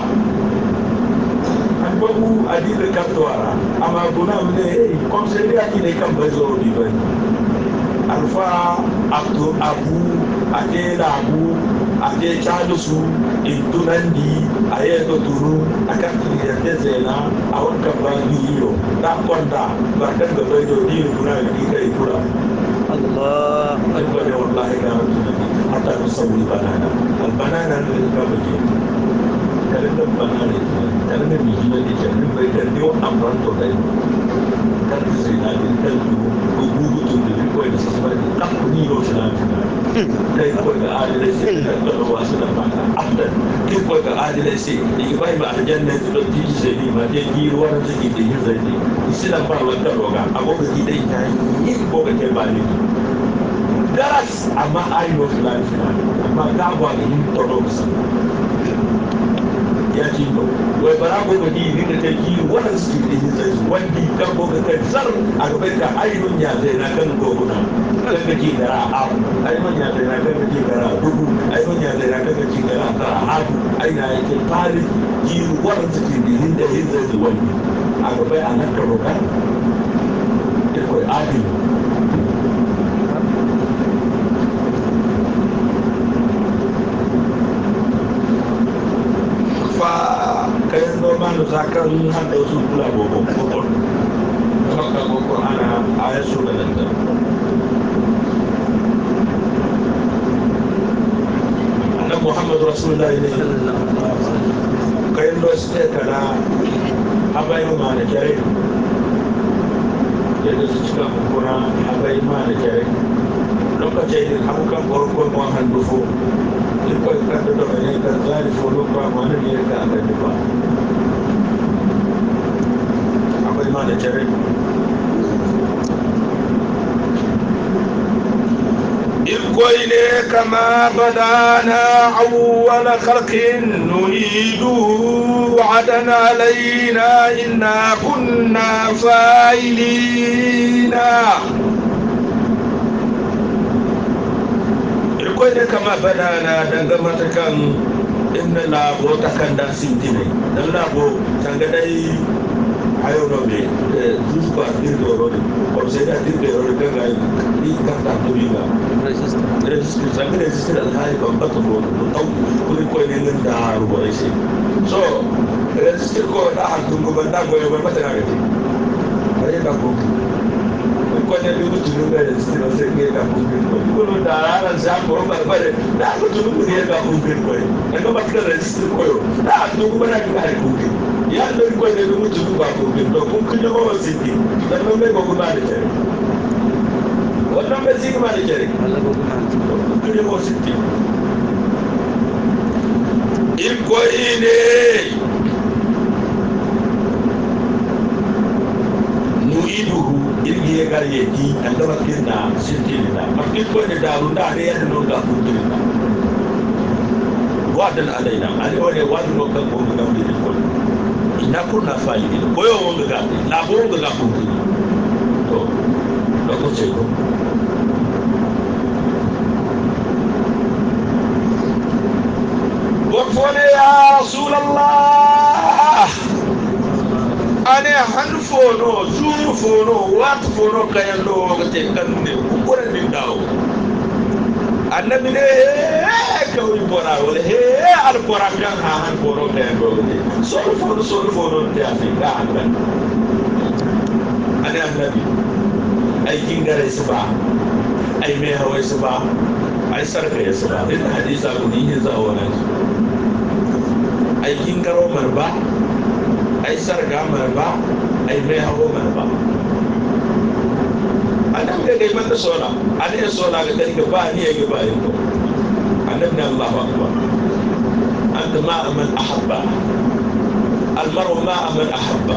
akpɔku adi le kaptɔ ara ama gbona mi ne ee kɔmse ne ati ne kam bɛ zɔrɔ di bɛ alufa abdu abu ade labu ade chalusu indunandi aye doturu akan kiyate zena awon kabani yo da konda barkan da bai do ni kuna ni kai kura Allah akbar wallahi ga hatta musawwi banana al banana ne ka bace kalin da banana ne kalin da miji ne kalin bai da yo amran to dai that is the United States to Google to the request that we know they put the adresse da wasu da fata after they put the adresse da ke bai ba aljanna da don titi sai ne ma dai yi ruwa da take da yin zai suna ba wata roga abokan dai ta yi ya ci ba wai bara ko ba di ni ta ki wannan su ne ni sai wani kan ko ka zar a ga ka ayyun ya zai na kan ko kuna kan ka ci da ra'a ayyun ya zai na kan ka ci da ra'a dubu ayyun ya zai na kan ka ci a ra'a ayyun na ke fari ki wannan su ne ni da yin zai wani a ga bai a nan ka roƙa ta koyi adil matakan haɗa su kula gobe kokor kaka kokor ana ayar su da nan annan da rasulullahi ne kayan da su ɗaya kana abayin ma da kyare yadda su cika kuna abayin ma na kyare lokacin da abokan farkon wahan fo. duk kan da da bayan kan zari fo lokacin wani ne ya ka abin ba akwai malakin rai إذ كما بدانا أول خلق نعيد وعدا علينا إنا كنا فاعلين إذ كما بدانا دنجمتك إن لابو تكن داسين ديني دن لابو تنجدي ayo dɔ bɛ yen dusu b'a diri dɔ yɔrɔ de kɔlɔsɛri a diri dɔ yɔrɔ de kan ka ni ka taa tobi la registre san kelen la n'a ye ban ba tɔgɔ o taw ko ni kɔɲɔ ni ne da rɔbɔ ye se so registre kɔ n'a ha tun ko bɛ n'a gɔɲɔ bɛ mɛtɛ k'a kɛ ten a ye ka kɔn ni kɔɲɔ ni ko tunu bɛ registre la se k'e ka kɔn kiri kɔɲɔ ko n'o da ala se a kɔrɔ ba ba de n'a ko tunu kun ye ka kɔn kiri kɔɲɔ nka n'o ma tila registre kɔɲɔ n'a ha tun ko bɛ n'a ya ɗari kwa ne rumu jiru ba problem da kun kun yawa wa sidi da nan bai gogu ma da kere wannan bai sidi ma da kere kun kun yawa sidi ikwa ine nu'iduhu ilgi ya garye ki an dama kirna sidi na mafi kwa da daru da ne ya da nan ga kun wa'adan alaina alaiwa ne wa'adan lokacin gogu na wani nakuna f a y i l Kwa h i y n g e z a na bonga kundi. To. Ndio chego. Wafone ya r s u l a l a Ane hanfono, zufono, watfono kayando w a t i kanne. annabi ne he kawri bora wala he al bora kan ha han boro ne gode sonu fodo sonu fodo te afi da annabi ana annabi ay gingare suba ay me hawa suba ay sarka ya suba din hadisa ko ni ne za wala ay gingaro marba ay sarka marba ay me hawa marba annabi da kai manta sona anin sona ga tani ga ba ni ya ga ba ni annabi na Allahu akbar anta ma man ahabba almaru ma man ahabba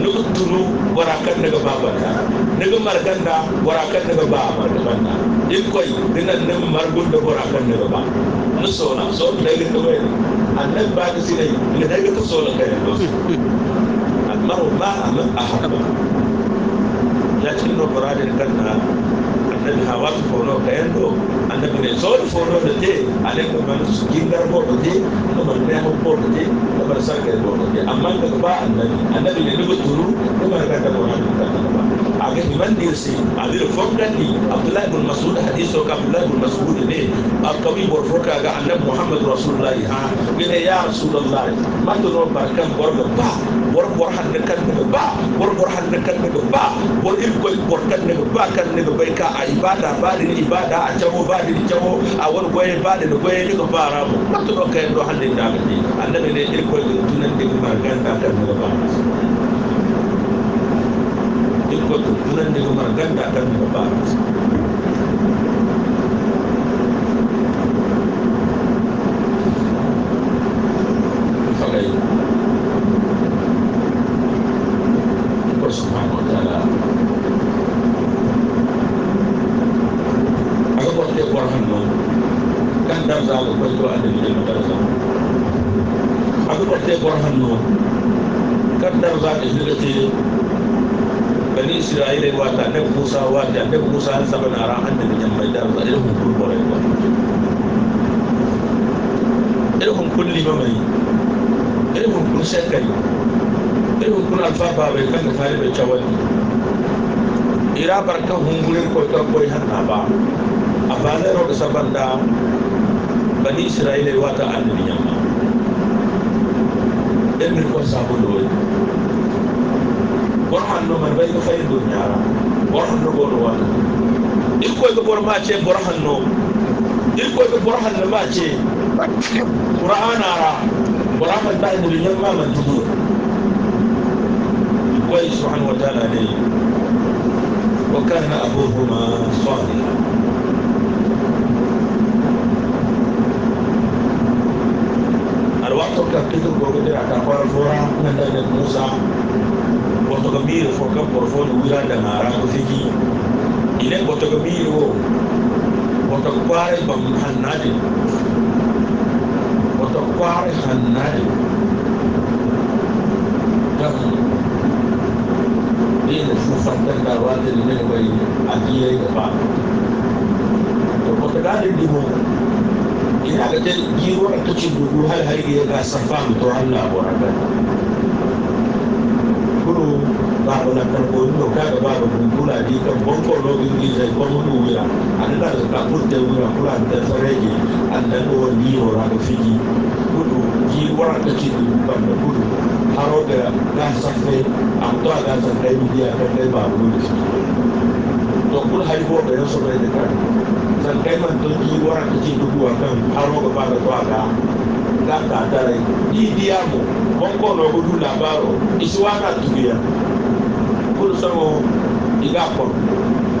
nugu tunu warakan daga babata nugu marganda warakan daga baba da banda in koy dinan nan margun da warakan daga ba nu sona so da ga tawai annabi ba ka sinai ne da ga ta sona kai almaru ma man ahabba நச்சில் நோக்கிறார் என்றால் அன்னபி ஹவாஸ் போனோம் பயந்தோ அன்னபி ரெசோர்ட் போனோம் வந்து அலைக்கு மனசு சுகிங்கர் போடுறது அந்த மன்னியாக போடுறது நம்ம ரசாக்கர் போடுறது அம்மா கருப்பா அன்னபி அன்னபி நெருப்பு துரு உமர் கட்ட போனான் ஆக இவன் தீர்சி அதில் ஃபோக்கட்டி அப்துல்லா இபுல் மசூத் ஹதீசோ அப்துல்லா இபுல் மசூதிலே அக்கவி ஒரு ஃபோக்காக அன்னப் முகமது ரசூல்லாய் ஹா இதை யார் சூழல்லாய் மத்து நோ பர்க்கம் பொருள் பா war hanne kannege ba wor bor hanne kannege ba wor irkoy bor kannege ba kannege bay ka a ibada baɗini ibada a jawo baɗini jawo a won goye baɗini goye ɗiga baramo mattuɗo kayen ɗo hande damidi annabi ne irkoy ɗum tunandegima ganda kannege ba irkoy ɗum tunandegima ganda kannege ba Okay. musa saba na ran hannun da yamma da ba irin hukun bore ba irin hukun lima mai irin hukun shekari irin hukun alfafa bai kan da fari bai cawali ira barkan hungurin kwaikwai kwai hanna ba a fanar da saban da bani isra'ila wata annabi yamma ɗin rikon sabon da wani وحن من بين خير دنيا وحن قول وانا irkoy ga bor mace bor hanno irkoy ga bor hanno mace qur'ana ra qur'an da da bin yamma man tudu koy subhanahu wa ta'ala ne wa kana abuhuma salihan arwaxto ka kitu gogo de aka kwara fora nan da musa wato ga mire fo ka porfo wira da mara ko fiki ile boto ko biiru o boto kware bam hannaade boto kware hannaade tam ɓeene fof fantanta waadeni mene koye a jiyey ko faa to boto gaade ndimo inaaga ten jiiru a toccindu ndu hay hay yeega sa faam to hannaa bo ragga kono baɗo na kan ko no ka ga baɗo ko kula di kan bonko lo di ni sai ko mu wira an da ka kun te wira kula da sarege an da no ni o ra ko fiji kudu ji wara ka ci du ban da kudu haro da ga safe am to ga safe mi dia ka dai ba mu ni to kun hari ko da so da ka san kai man to ji wara ka ci du kan haro ga ba da to ga da ta tare ji dia mu bonko lo ko du labaro iswa ka tubiya sɔrɔ i b'a kɔrɔ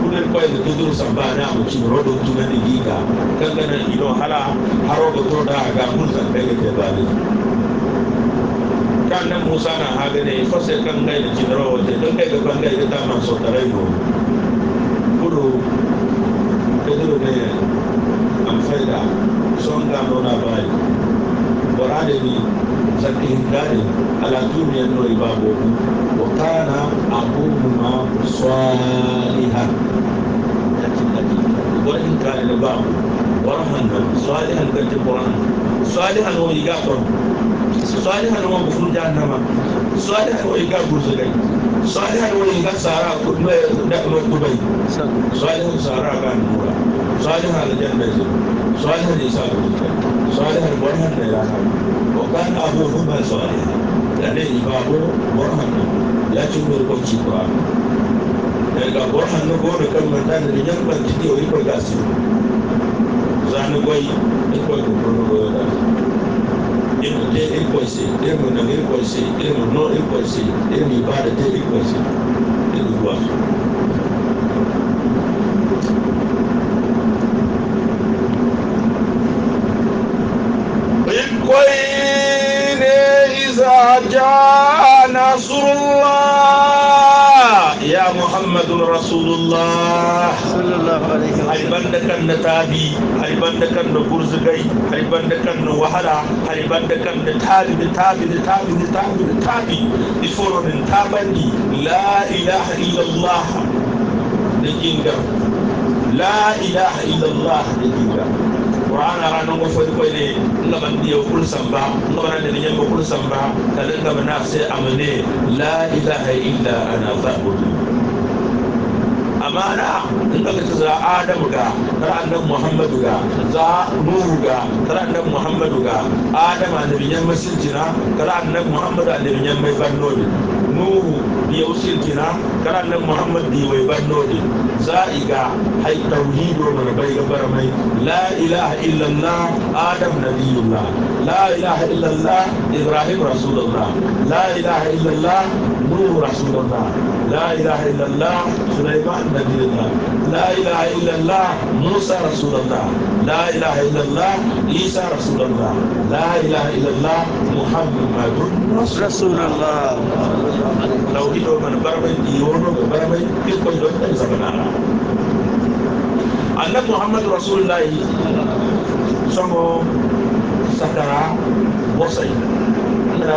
kulen kɔ yɛlɛ to doro sanba ani a muso yɔrɔ dɔ tun bɛ ne yi kan kan kana yi nɔ hala haro dɔ tɔrɔ da a ka mun san bɛɛ kɛ bɛɛ baale musa na hagene fɔsɛ kan ka yɛlɛ jidɔrɔ o tɛ dɔn kɛ ka kan ka yɛlɛ taa ma sɔn tara yi nɔ o don pedro bɛ an fɛ da sɔn kan dɔ na ba ye bɔra de ni ala tu miɛ nɔ i b'a bɔ صالحة وإن كان لبعض ورحمة صالحا قد القرآن صالحا هو يقاطر صالحا هو مفروض جهنم صالحا هو يقاطر زلي صالحا هو يقاطر سارا دخل دبي صالحا سارا كان نورا صالحا الجنة صالحا يسار صالحا ورحمة لله وكان أبوهما صالحا لديه بابه ورحمة لا تكبر وجه القرآن daga hannu goro kan mata da jan kwanci ne wani kwa gasi zanu gwai ikwa gugurnu goyo da imu te ikwasi imu na ikwasi imu no ikwasi imu ibada te ikwasi imu gwa ikwai ne iza ja nasurullah ya muhammadun rasulullah hay banda kan da tabi hay banda kan da gurzugai hay banda kan da wahala hay banda kan da tabi da tabi da tabi da tabi da tabi iforodin tabandi la ilaha illallah da ginga la ilaha illallah da ginga qur'ana ranan ko fodi ko ne ngaban diyo kul samba ngaban da nyamba kul samba kala ngabana sai amane la ilaha illa ana fa'budu amana daga ta za adamu ga tara annabi muhammadu ga za nuhu ga tara annabi muhammadu ga adama annabiyan masinjina tara annabi muhammadu annabiyan mai bannobi nuhu ya usil jina kana nan muhammadu bi mai banno ne iga hay tauhido man bai gabar mai la ilaha illallah adam nabiyullah la ilaha illallah ibrahim rasulullah la ilaha illallah nuhu rasulullah لا إله إلا الله سليمان نبي الله لا إله إلا الله موسى رسول الله لا إله إلا الله عيسى رسول الله لا إله إلا الله محمد رسول الله لو إلو من برمي يورو برمي كيف يدون تنزمنا أن محمد رسول الله سمو سكرا وصيد أنا لا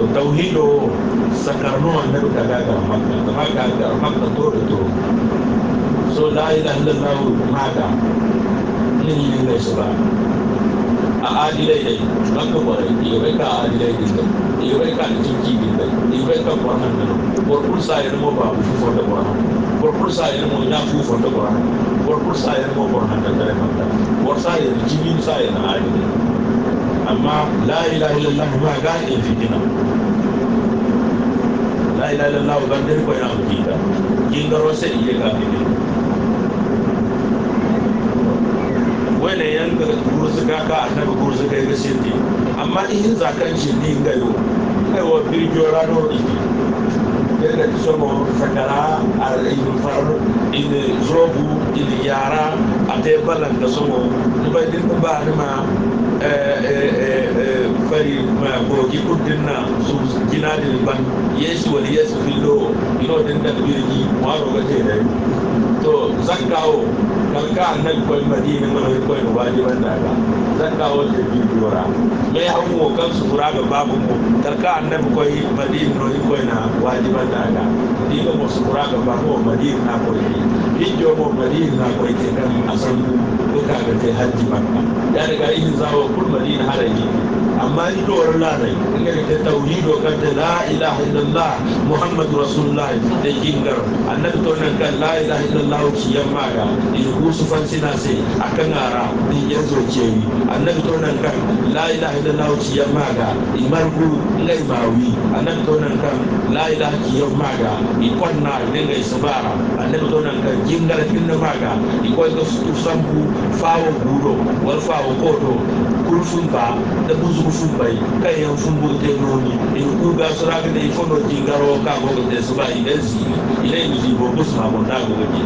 tauhid o sakarnuwan nan kaga ga maka da maka ga maka to to so la ilaha illallah maka nin yin ne su ba a adilai dai maka bare yi bai ka adilai din da yi bai ka cinki din da yi bai ka qur'an da qur'an sai mu ba mu fu da qur'an qur'an sai mu na fu fu da qur'an qur'an sai mu qur'an da da maka qur'an sai jibin sai na adilai أما لا إله إلا الله ما قال إن إيه في جنة لا إله إلا الله وقال ده كوي نعم كيدا جين دروسة إيه كافي وين يان كورس كاكا أنا بكورس كي إيه كسيتي أما إيه زكاة جنين كيو أيوة، كيو بري جورا نوري كيو كيو سكرا على إيفار إن زروبو إن يارا أتبالا كسومو كيو كيو كيو كيو fari kogi kudin na su gina da ban yesu wani yesu filo ino din da birni maro ga ce da to zan kawo kan ka annabi kwai madina mana kwai waje banda ga zan kawo da bidiyora mai hanwo kan su fura ga babu mu kan ka annabi kwai madina no kwai na waje banda ga diga mu su fura ga babu madina na kwai bidiyo mu madina na kwai ke kan asan ko ka ga te hajji makka ya riga yin zawo kurmani na harami amma wani lanai inda ta tauri dokar da la ilaha illallah muhammadu rasulullahi da kingar annabi ta nan kan la ilaha illallah ki yamma ga ilu su fan na sai kan ara din ya zo kewi annabi ta nan kan la ilaha illallah ki yamma ga imar ku lai mawi annabi ta nan kan la ilaha ki yamma ga ikon na isa bara annabi ta nan kan kingar din na maga ikon ga su sambu fawo gudo wal fawo kodo kuru fumba da kuzu fumba kai yan fumbo te noni in ku ga sura ga dai fono jingaro ka go te su ba idan si ile ni ji bo kusma bon da go ji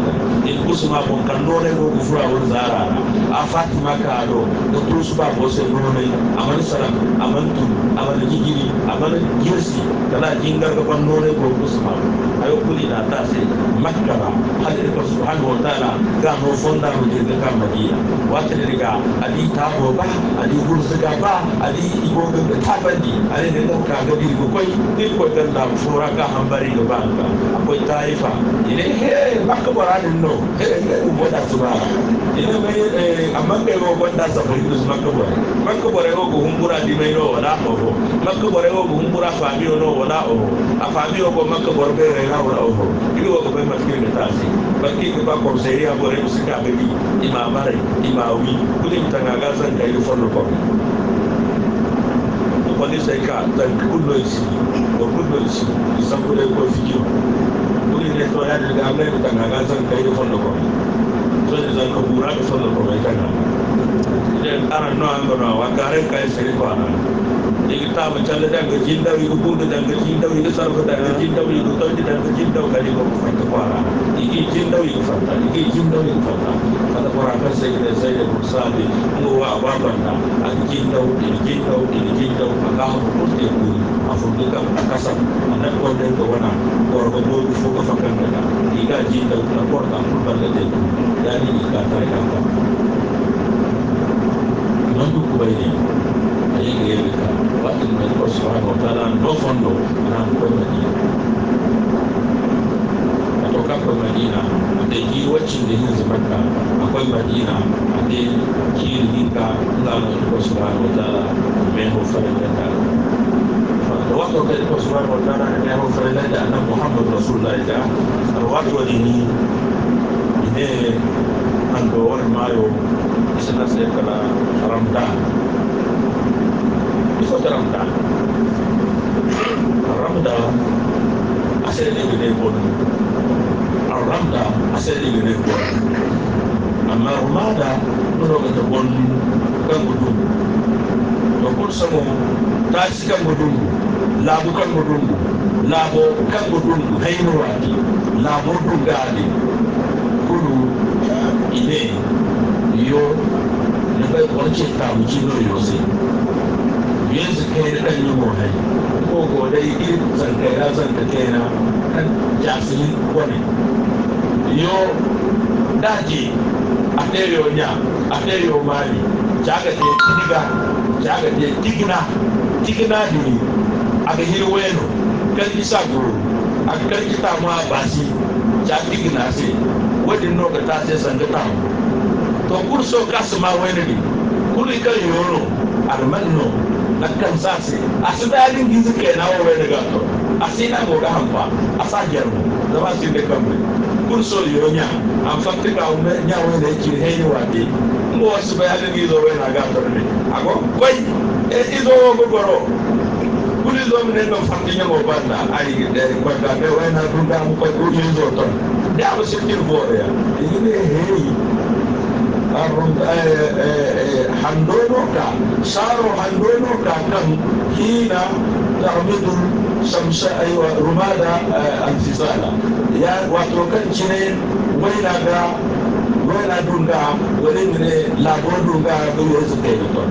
in kusma bon kan nore go ku fura won zara a fatima ka do da kuru su ba bo se noni aman salam aman tu aman a aman yirsi kala jingar ga ban nore go kusma bon ويقول إلى تاسع مكبرة حضرتك سبحانه وتعالى كان فندا وجد كان مدينة واتلك أدي تابو با أدي غرزك با أدي إبوك تابدي أدي ندوك أدي بكوي تلك تندا فورك همبري لبانك أبوي تايفا إلي هي مكبرة نو هي نو بودا سبحانه إلي مي أمامك يو بودا سبحانه مكبرة مكبرة يو كهمبرة دي ميرو ولا أبو مكبرة يو كهمبرة فاميو نو ولا أبو أفاميو كو مكبرة jambo la uho ili wagobe matukio metasi bakike bakoruseria bore usikabeli imamare imawi kuli mtangangaza ndaili fondo kwa kuonesha ika takulo isi okulo isi isakule kwa fikio kuli neto ya ndigamle mtangangaza ndaili fondo kwa sote za kubura fondo kwa mtanga ile ana no ango na wakare kae seri kwa dia kata macam ada dan kecinta di kubur dan kecinta di kesar dan kecinta di kota dan kecinta kali kau pun itu para ini cinta di kota ini cinta di kota kata orang kan saya kata saya pun sabi mengubah apa pun dah ada cinta ini cinta ini cinta maka aku pun dia pun aku pun kau kasar anda kau dan kau mana orang kau pun fokus akan mereka jika cinta kita portal pun pada dia dan ini kata mereka nampuk baik ini ini kerja kita baadhi ya Allah subhanahu wa ta'ala ndogo ndogo anakwenda Madina. Kutoka kwa Madina ndaji wacce da yin zakka akwai Madina ade kirinka Allah subhanahu wa ta'ala mai hofar da Watu wa Allah subhanahu wa ta'ala ne hofar Muhammad Rasulullah da watu wa dini ne an gowar mayo sai Because Ramda, Ramda, I said it with a word. Ramda, I said it with a word. And my Ramada, no longer the one can go do. The good someone, that's can go do. Labo can go do. Labo can go do. Hey, Murati, Labo Dungadi, Kudu, Ile, Yo, Never watch it down, Chino Yossi yanzu kai da ɗan yin wahai ko ko dai irin zanka ya zanka kai na kan jasilin wani yo daji a ɗaya nya a ɗaya mali jaga je tiga jaga je tigna tigna dini a ga hiri weno kan isa guru a kan kita ma basi ja tigna se wadin no ka ta se zanka ta to kurso kasma wani ne kuri kan yoro almanno nakan sase asidarin gizi ke na wa da gato asina go ga asa asajar da ba sin da kambe kun so yonya am fakti ka umbe nya wa da ki he ni wa bi ngo wasu bayanin gizo wa na gato ne ago koi e izo go goro e, kuli zo mine no fakti nya go na ai da ko da be wa na dun da mu ko ko ni zo to da mu sikin bo ya ni ne he Handoro صاروا عيونهم كأنهم حين تعمد شمس أيوة رمادة الفصالة يعني وتوكل شنين وين ولا دونغا ولين لا دونغا بيوزي كيلو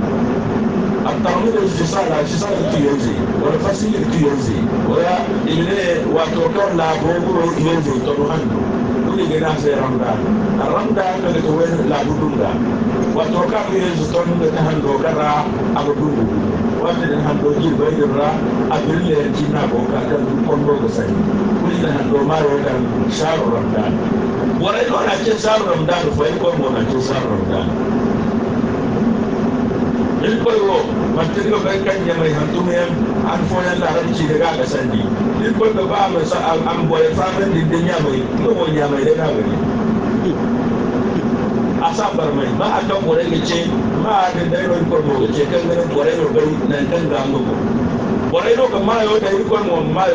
التعمير الفصال الفصال التيوزي والفصل التيوزي ويا إلي وتوكل لا بوغو يوزي تروحان kuli gena se ramda ramda to le to wen la dudunga wato ka mi rezo to no ta hando gara abdul wadda da hando ji bayin ra abin da ji na boka da kon boka sai kun da hando ma ro da sharu ramadan wara ino na ce sharu ramadan fa yi kon na ce sharu ramadan in koy wo man tin ko bay kan yamay han tum yam an fo yan la ran ci de ga ga sandi in koy ko ba ma sa am boye fa ran din de nyamay no wo nyamay ga ga asabar mai ba a kan gore ce ma da dairon kodo ce kan ma ma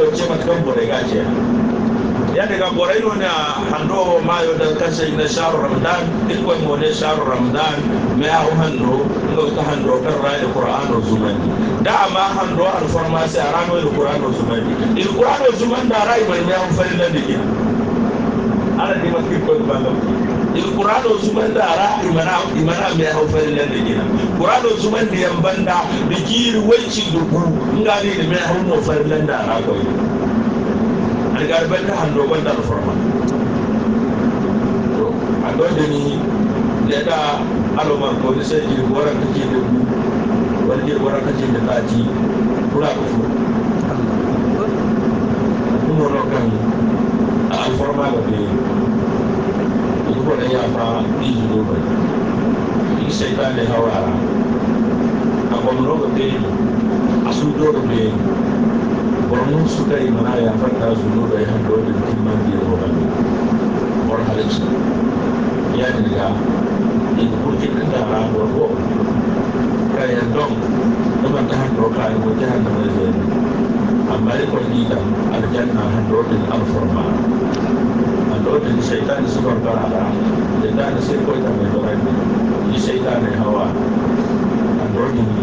ya daga borai no na hando ma da kan na ramadan irkon mu ne sharo ramadan me a hando no ta hando kan rai qur'anu zumani da ma hando al farmasi arano qur'anu zumani il qur'anu zumani da rai mai ya hu farin da dike ala di maskir ko ba qur'ano da ra imana imana me ha felle ne gina qur'ano da yan banda da kiri wancin dubu ngani da me ha mo nan da ra kawai an garban da hando ban da farma to a dole da ni da da alomar ko da sai jiri waran kake da ku wani jiri waran kake da taji kura ko kuma no kan a forma da ne wọlẹ́yàpá ìlú ìṣẹ̀dálẹ̀ ọ̀rà agbọmọlọ́gbẹ̀dẹ asúndọ́gbẹ̀ ọ̀run suka ìmọ̀nà àyàfẹ́ta zùlọ́gbẹ̀ ẹ̀hàn lọ́dẹ̀ tí máa ń di ẹ̀rọ rẹ̀ ọ̀rọ̀ àlẹ́sì yá nìyà ìdìbò tí ń dàrá lọ́wọ́ káyà dọ́m nígbà tá a dọ̀ ká ìwọ̀n tí a nà lẹ́yìn àmàlẹ́kọ̀ọ́ yìí dà àlùjáde náà hàn lọ́dẹ̀ alùfọ̀rọ̀ máa. يخرج لشيطان سبحانه لله نسير كويتا من الغرب لشيطان الهوى عن عده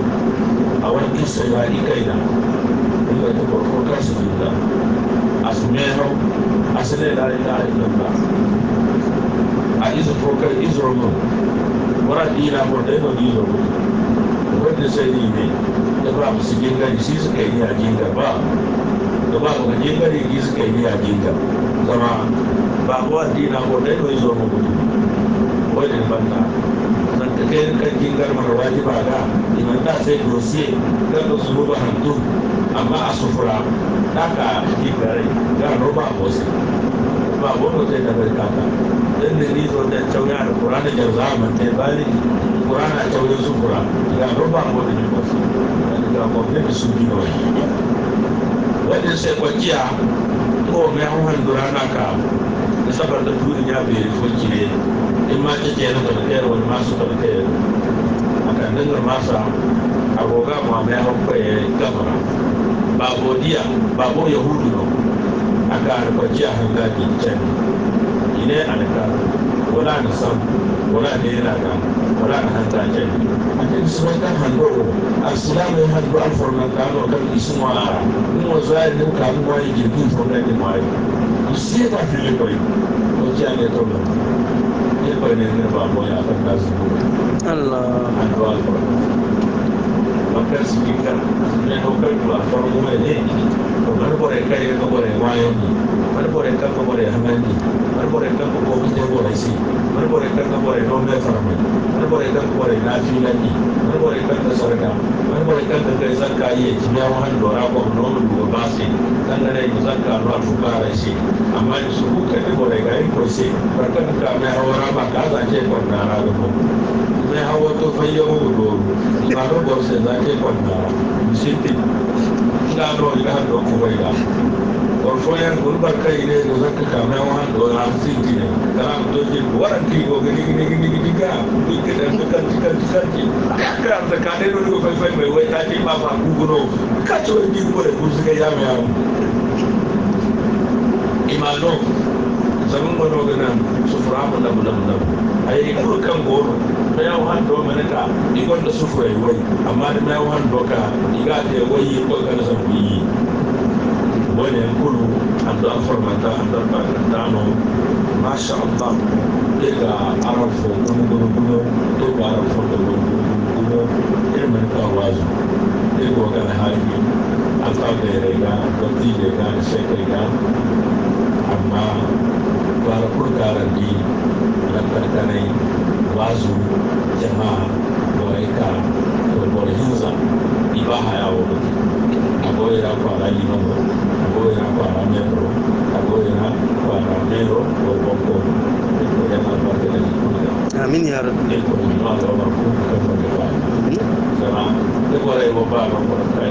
أو أن كسر يوالي كينا إلا تقول فوق كسر الله أسمعه أسلي لا إله إلا الله أعيز فوق إزرمه ورا دينا مردين ودينه wanda sai ne ne da ba mu sigin gari shi suka yi a jinga ba da ba mu gajin gari shi suka yi a jinga zama bahwa dina ko dai ko zo mu ko dai banda san ka kai kan gingar mar wajiba da iman da sai dosi da da su ba hantu amma a sufura da ka gingare da roba bosi ba bono sai da barkata dan da ni zo da tawya da qur'ani da zaman da bali qur'ana tawya sufura da roba bosi da ko ne su bi no wani sai kwakiya ko mai hawan durana ka da sabar da duri ya bai fulki ne in ma ta jiyar da tayar wani masu da tayar a kanin da masa agoga ma mai hauka ya gabara babo diya babo yahudu no a ka harkwaci a hangaki can ine alka wala na sam wala ne yana ga wala na hanta can a kan su wata hando a sulamu ya hando alfarnan kano kan isu ma'ara in wa zai nuka mu wani girgin furnan da все так или поют. Вот я не трогал. Не поймет, не вам, моя фантазия. Аллах. Аллах. Makan sedikit, saya nukar keluar. Kalau kamu ada, kalau boleh kau yang kau boleh main ni, kalau boleh kau kau boleh main ni, kalau boleh kau kau boleh jual isi, kalau boleh kau kau boleh nombor sama ni, kalau boleh kau kau boleh nasi ni. wani bore kanta sarka wani bore kanta kai zanka iya jiya wani dora ko nono do basi kan da dai zanka no atu kare shi amma su ku ka ne bore ga ko shi barkan ka mai hawara ba ka za ke ko na ra ko mai hawo to fayyo do ba ro bor za ke ko na shi ti da ro ga do ko ga orfoyan gulbar kai ne da zaka kamar wani da an siti ne da an doke waranti ko gani gani gani gani ga kudi ka dan dukan dukan sarki ka an zaka ne ruwa fai fai mai wai ta ce ba ba guguno ka ce wai bi gore ku suka ya mai yawo imano sabon gwano gana sufura mu labu labu labu a kuru kan goro na yawon hannu mana ka ikon da sufura yi wai amma da na yawon hannu ka iga ta yi wai yi kwa kan yi وين يكونوا عند أفر متى عند أربع عندنا ما شاء الله إذا عرفوا كل كل كل إذا عرفوا كل كل كل إلمن كواز إذا كان هاي أتاك إيريكا بدي إيريكا شكريكا أما باركور كاردي لكتكني وازو جماعة وإيكا والبرهنزة إباحة يا ولد أبوي راكو على الإمام algo de gran parámetro, algo de gran parámetro o poco, esto ya es parte de la historia. A mí ahora. Y esto me va a dar lo que va. Se va, de cuál es el bombardo, por acá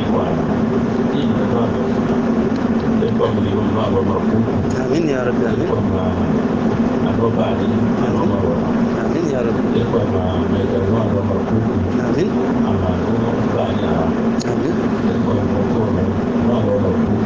Amin ya Rabbi. Amin Rabbi. Ya Rabbi. Amin. Amin. Ya amin. Amin. Amin. Amin. Amin. Amin. Amin. Amin. Amin. Amin. Amin. Amin. Amin. Amin. Amin.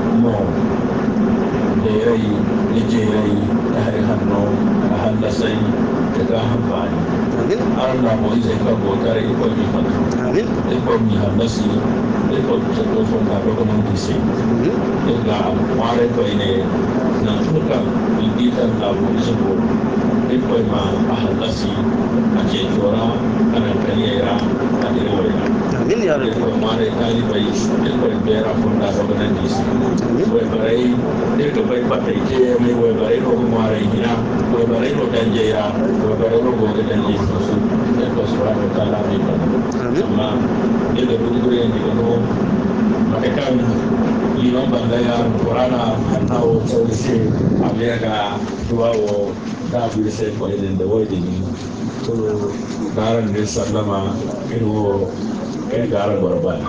hanno lerai l i j e r i t a h a n n o l a s a i daga h a n n i allah mo izai ka gotare k o mi hanno iko mi h a l a s i k o ta t o f o k o g o nan kise daga kware ko ine na tuka i n i t a la mo izai ko iko ma h a l a s i a ce tora ana kariyar a d i r e y a Amin ya Rabbi. Mari kali bayi sebelum biara pun dah sebenarnya hmm. di sini. Kue barai itu baik pakai je, mai kue barai logo mari hina, ya. kue barai logo dan jaya, kue barai logo dan jaya susu. Itu sebab kita lari pun. Hmm. Sama dia dah buat kue yang dikenal. Mereka lima bandar yang korana hanau solusi Amerika dua o dah bersih kau ini dewa ini. Karena dia selama itu quer dar a barbada.